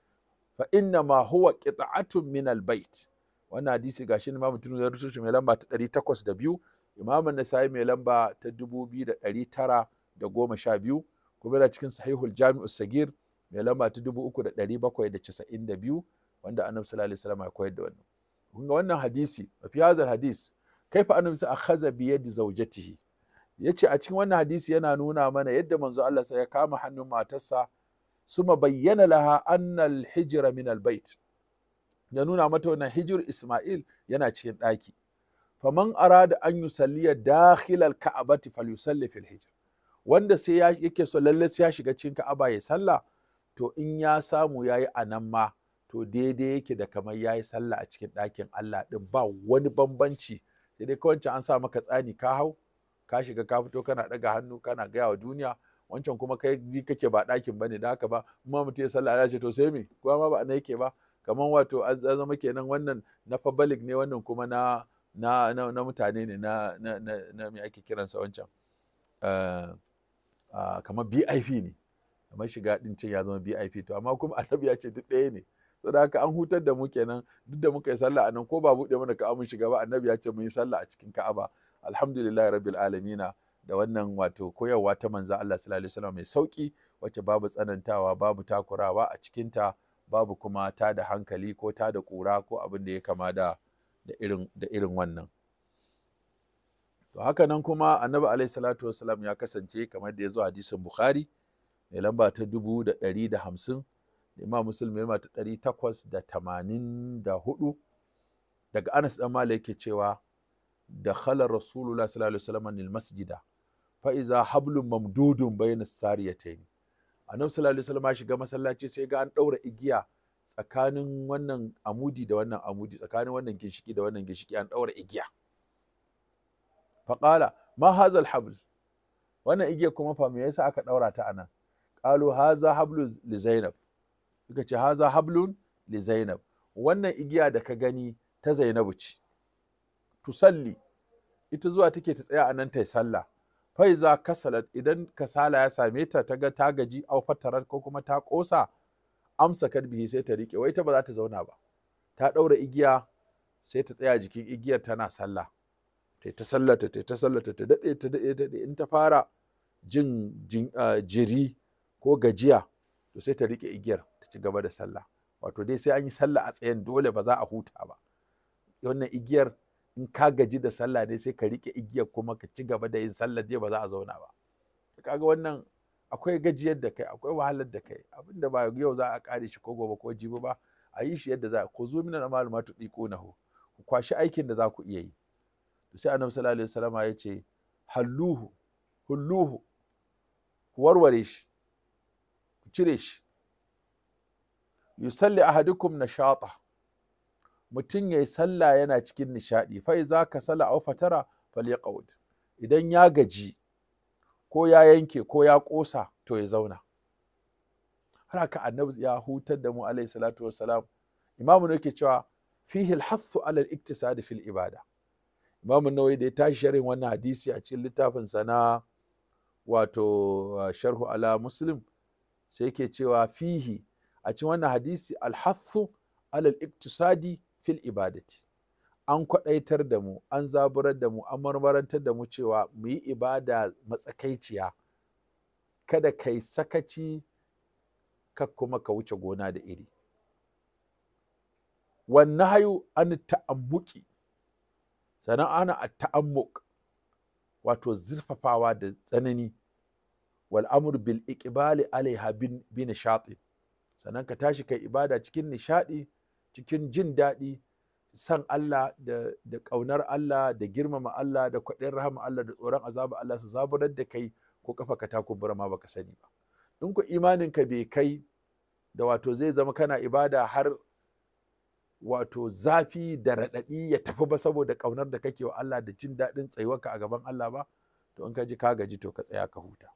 fa inna ma huwa qit'atun min al bait wannan hadisi gashi Imam Tirmidhi ya rubuta mai lamba ta 802 imamu nasai mai lamba ta 2912 kuma yana cikin sahihul jami'u sagir mai lamba ta dubu uku da ɗari bakwai da casa'in da biyu wanda annabi sallallahu alaihi wasallam ya koyar da wannan kun ga wannan hadisi fi hazar hadis kaifa annabi sa akhaza bi yadi zawjatihi yace a cikin wannan hadisi yana nuna mana yadda manzo Allah sai ya kama hannun matarsa suma bayyana laha annal hijra min al bait ya nuna mata wannan hijir Ismail yana cikin ɗaki faman arada an yusalliya dakhilal ka'abati falyusalli fil hijr wanda sai yake so lalle sai ya shiga cikin Ka'aba ya sallah to in ya samu yayi anan ma to daidai yake da kamar yayi sallah a cikin ɗakin Allah din ba wani bambanci sai dai an sa maka tsani ka hau ka shiga ka fito kana daga hannu kana gaya wa duniya wancan kuma kai ji kake ba ɗakin bane da haka ba Kuma mutum ya sallah ya ce to sai me kuma ma ba ana yake ba kamar wato an zama kenan wannan na public ne wannan kuma na na na, mutane ne na na na, me ake kiransa wancan eh, Ah, kamar bip ne kamar shiga din ce ya zama bip to amma kuma annabi ya ce duk ɗaya ne to da haka an hutar da mu kenan duk da muka yi sallah anan ko ba buɗe mana ka'a mun shiga ba annabi ya ce mun yi sallah a cikin ka'aba alhamdulillah rabbil alamina da wannan wato koyarwa ta manzo Allah sallallahu alaihi mai sauki wacce babu tsanantawa babu takurawa a cikinta babu kuma ta da hankali ko ta da kura ko abin da ya kama da irin wannan to haka nan kuma annabi alaihi salatu wasalam ya kasance kamar da ya zo hadisin bukhari mai lamba ta dubu da ɗari da hamsin da imam muslim mai ta ɗari takwas da tamanin da hudu daga anas ɗan malik yake cewa da khala rasulullah sallallahu alaihi wasallam nil masjida fa iza hablum mamdudun bayna sariyatayn annabi sallallahu alaihi wasallam ya shiga masallaci sai ga an ɗaura igiya tsakanin wannan amudi da wannan amudi tsakanin wannan ginshiki da wannan ginshiki an ɗaura igiya faƙala ma hazal habl wannan igiyar kuma fa me yasa aka ɗaura ta anan ƙalu haza hablu li zainab suka ce haza hablun li zainab wannan igiya da ka gani ta zainabu ce tusalli ita zuwa take ta tsaya anan ta yi sallah faiza kasalat idan kasala ya same ta ta ga ta gaji au fatarar ko kuma ta ƙosa amsa kadbihi sai ta riƙe. wai ta ba za ta zauna ba ta ɗaura igiya sai ta tsaya jikin igiyar tana sallah ta ta sallata ta ta sallata ta daɗe ta daɗe ta in ta fara jin jiri ko gajiya to sai ta riƙe igiyar ta ci gaba da sallah wato dai sai an yi sallah a tsayen dole ba za a huta ba wannan igiyar in ka gaji da sallah dai sai ka riƙe igiyar kuma ka ci gaba da yin sallah dai ba za a zauna ba kaga wannan akwai gajiyar da kai akwai wahalar da kai abinda ba yau za a kare shi ko gobe ko jibi ba a yi shi yadda za ko zo minan amal na tu ku kwashi aikin da za ku iya yi sai annabi sallallahu alaihi wasallam ya ce halluhu hulluhu ku warware shi ku cire shi yusalli ahadukum nashata mutum yayi sallah yana cikin nishadi fa iza ka sala aw fatara falyaqud idan ya gaji ko ya yanke ko ya kosa to ya zauna haka annabi ya hutar da mu alaihi salatu wassalam imamu ne yake cewa fihi alhassu ala al-iktisadi fil ibada imamu nawai da ya tashi sharhin wannan hadisi a cikin littafinsa na wato ah, sharhu ala muslim sai yake cewa fihi a cikin wannan hadisi alhassu alal iktisadi fil ibadati an kwaɗaitar da mu an zaburar da mu an marmarantar da mu cewa mu yi ibada matsakaiciya kada kai sakaci ka kuma ka wuce gona da iri wannan hayu an ta'ammuki sannan ana a ta'ammuk wato zurfafawa da tsanani wal'amur bil iqbali alaiha bin nishati sannan ka tashi kai ibada cikin nishaɗi cikin jin daɗi san Allah da ƙaunar Allah da girmama Allah da kwaɗin rahama Allah da tsoron azaba Allah su zaburar da kai ko kafa ka ta kumbura ma baka sani ba in ku imanin ka bai kai da wato zai zama kana ibada har wato zafi da raɗaɗi ya tafi ba saboda ƙaunar da kake wa Allah da jin daɗin tsayuwarka a gaban Allah ba to in ka ji ka gaji to ka tsaya ka huta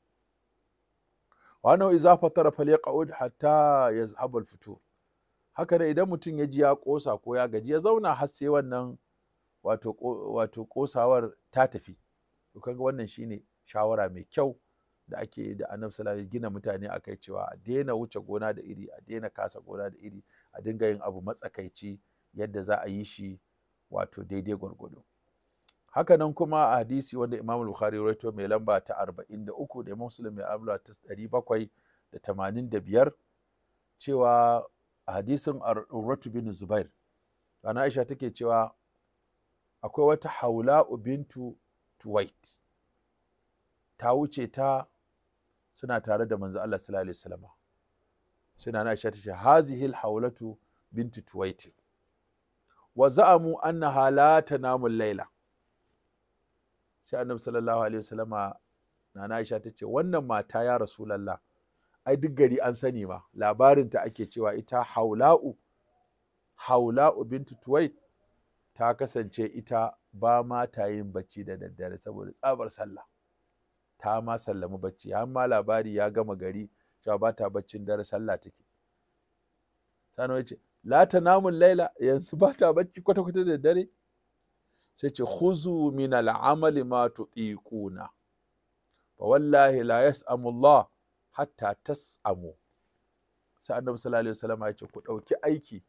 wa nau iza fatara fal yaqud hatta yazhab al futur haka da idan mutum ya ji ya kosa ko ya gaji ya zauna har sai wannan wato wato kosawar ta tafi to kaga wannan shine shawara mai kyau da ake da annabi sallallahu gina mutane a kai cewa a daina wuce gona da iri a daina kasa gona da iri a dinga yin abu matsakaici yadda za a yi shi wato daidai gwargwado Haka nan kuma a hadisi wanda imam bukhari rawaito mai lamba ta 43 da imam muslim mai lamba ta 785 cewa a hadisin urwatu bin zubair ana aisha take cewa akwai wata haula bintu tuwait ta wuce ta suna tare da manzo Allah sallallahu alaihi wasallam suna na shata shi hazihi alhawlatu bintu tuwaiti wa za'amu annaha la tanamu layla sai annabi sallallahu alaihi wasallama nana Aisha ta ce wannan mata ya rasulullah ai duk gari an sani ma labarinta ake cewa ita haula'u haula'u bintu tuwait ta kasance ita ba mata yin bacci da daddare saboda tsabar sallah ta ma sallami bacci har ma labari ya gama gari cewa ba ta baccin dare sallah take sano ya ce la namun laila yanzu ba ta bacci kwata-kwata da dare sai ce huzu min al'amali ma tuqiquna fa wallahi la yas'amu Allah hatta tas'amu sai annabi sallallahu alaihi wasallam ya ce ku dauki aiki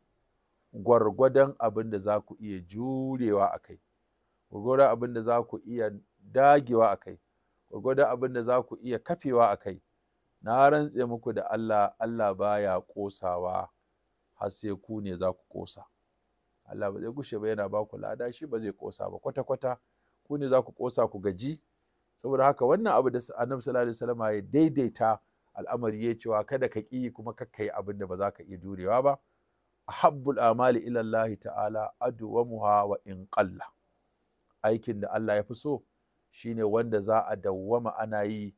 gwargwadon abin da za ku iya jurewa a kai gwargwadon abin da za ku iya dagewa a kai gwada abin da za ku iya kafewa a kai na rantse muku da Allah Allah baya kosawa har sai ku ne za ku kosa Allah ba zai gushe ba yana ba ku lada shi ba zai kosa ba kwata kwata ku ne za ku kosa ku gaji saboda haka wannan abu da Annabi sallallahu alaihi wasallam ya daidaita al'amari ya cewa kada ka ƙi kuma kakka yi abin da ba za ka iya jurewa ba ahabbul amali ila Allah ta'ala adwamuha wa in qalla aikin da Allah ya fi so shine wanda za a dawwama ana yi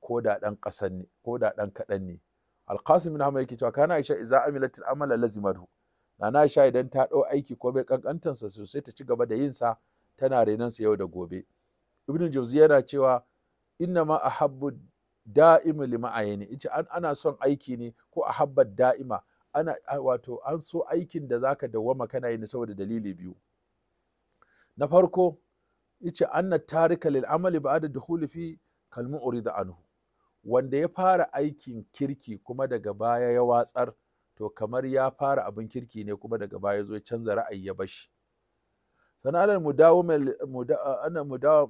ko da ɗan ne ko da kaɗan ne alqasim bin yake cewa kana aisha iza amilatil amala lazimahu nana aisha idan ta ɗau aiki ko bai kankantansa sosai ta ci gaba da yin sa tana renon yau da gobe ibnu jauzi yana cewa inna ma ahabbu da'imu lima'ayini ita an ana son aiki ne ko ahabba da'ima ana wato an so aikin da zaka dawwama kana yi saboda dalili biyu na farko yace anna tarika lil amali ba'da dukhuli fi kalmu urida anhu wanda ya fara aikin kirki kuma daga baya ya watsar to kamar ya fara abin kirki ne kuma daga baya zo ya canza ra'ayi ya bashi sana'ar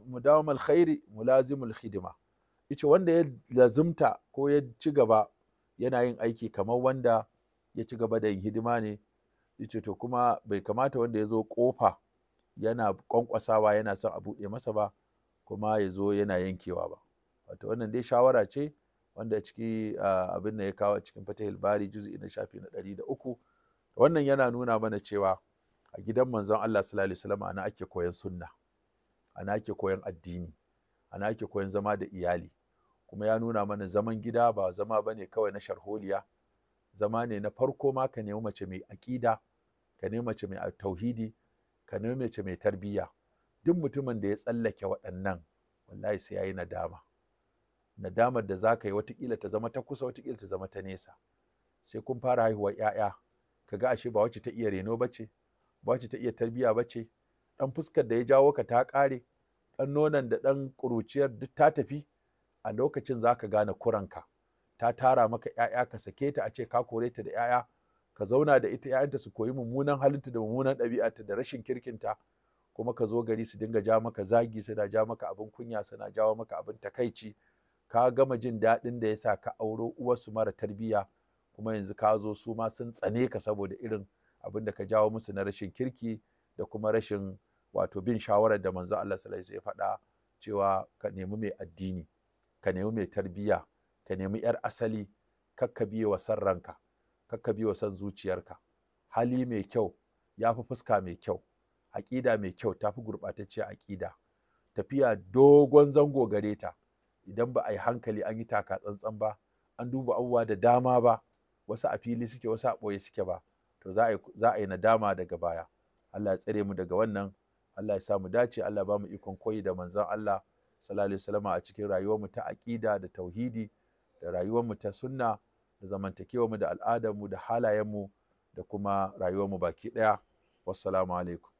mudawamar khairi mulazimul hidima yace wanda ya lazimta ko ya ci gaba yana yin aiki kamar wanda ya ci gaba da yin hidima ne yace to kuma bai kamata wanda ya zo kofa yana kwankwasawa yana son a buɗe masa ba kuma ya zo yana yankewa ba wato wannan dai shawara ce wanda ciki abin da ya kawo cikin fata bari juz'i na shafi na ɗari da uku wannan yana nuna mana cewa a gidan manzon Allah sallallahu alaihi wasallam ana ake koyan sunna ana ake koyan addini ana ake koyan zama da iyali kuma ya nuna mana zaman gida ba zama ne kawai na sharholiya zama ne na farko ma ka nemi mace mai aƙida ka nemi mace mai tauhidi ka nemi mace mai tarbiyya duk mutumin da ya tsallake waɗannan wallahi sai yi nadama nadamar da za ka yi watakila ta zama ta kusa watakila ta zama ta nesa sai kun fara haihuwar 'ya'ya ka ga ashe ba wacce ta iya reno ba ce ba wacce ta iya tarbiyya ba ce ɗan fuskar da ya jawo ka ta ƙare ɗan nonon da ɗan ƙuruciyar duk ta tafi a lokacin za ka gane kuranka ta tara maka 'ya'ya ka sake ta a ce ka kore ta da 'ya'ya ka zauna da ita ‘ya'yanta su koyi mummunan halinta da mummunan ɗabi'arta da rashin kirkinta kuma ka zo gari su dinga ja maka zagi suna ja maka abin kunya suna jawo maka abin takaici ka gama jin daɗin da ya sa ka auro uwarsu mara tarbiyya kuma yanzu ka zo su ma sun tsane ka saboda irin abin da ka jawo musu na rashin kirki da kuma rashin wato bin shawarar da manzo Allah sallallahu alaihi ya faɗa cewa ka nemi mai addini ka nemi mai tarbiyya ka nemi yar asali kakka biye wa san ranka kakka biyo san zuciyarka hali mai kyau ya fi fuska mai kyau aƙida mai kyau ta fi gurɓatacciyar aƙida tafiya dogon zango gare ta idan ba a yi hankali an yi taka tsantsan ba an duba abubuwa da dama ba wasu a fili suke wasu a ɓoye suke ba to za a yi nadama daga baya Allah ya tsare mu daga wannan Allah ya sa mu dace Allah ba mu ikon koyi da manzon Allah sallallahu alaihi wasallam a cikin rayuwarmu ta aƙida da tauhidi da rayuwarmu ta sunna da zamantakewa mu, da al'adarmu da halayenmu da kuma rayuwar mu baki ɗaya wassalamu alaikum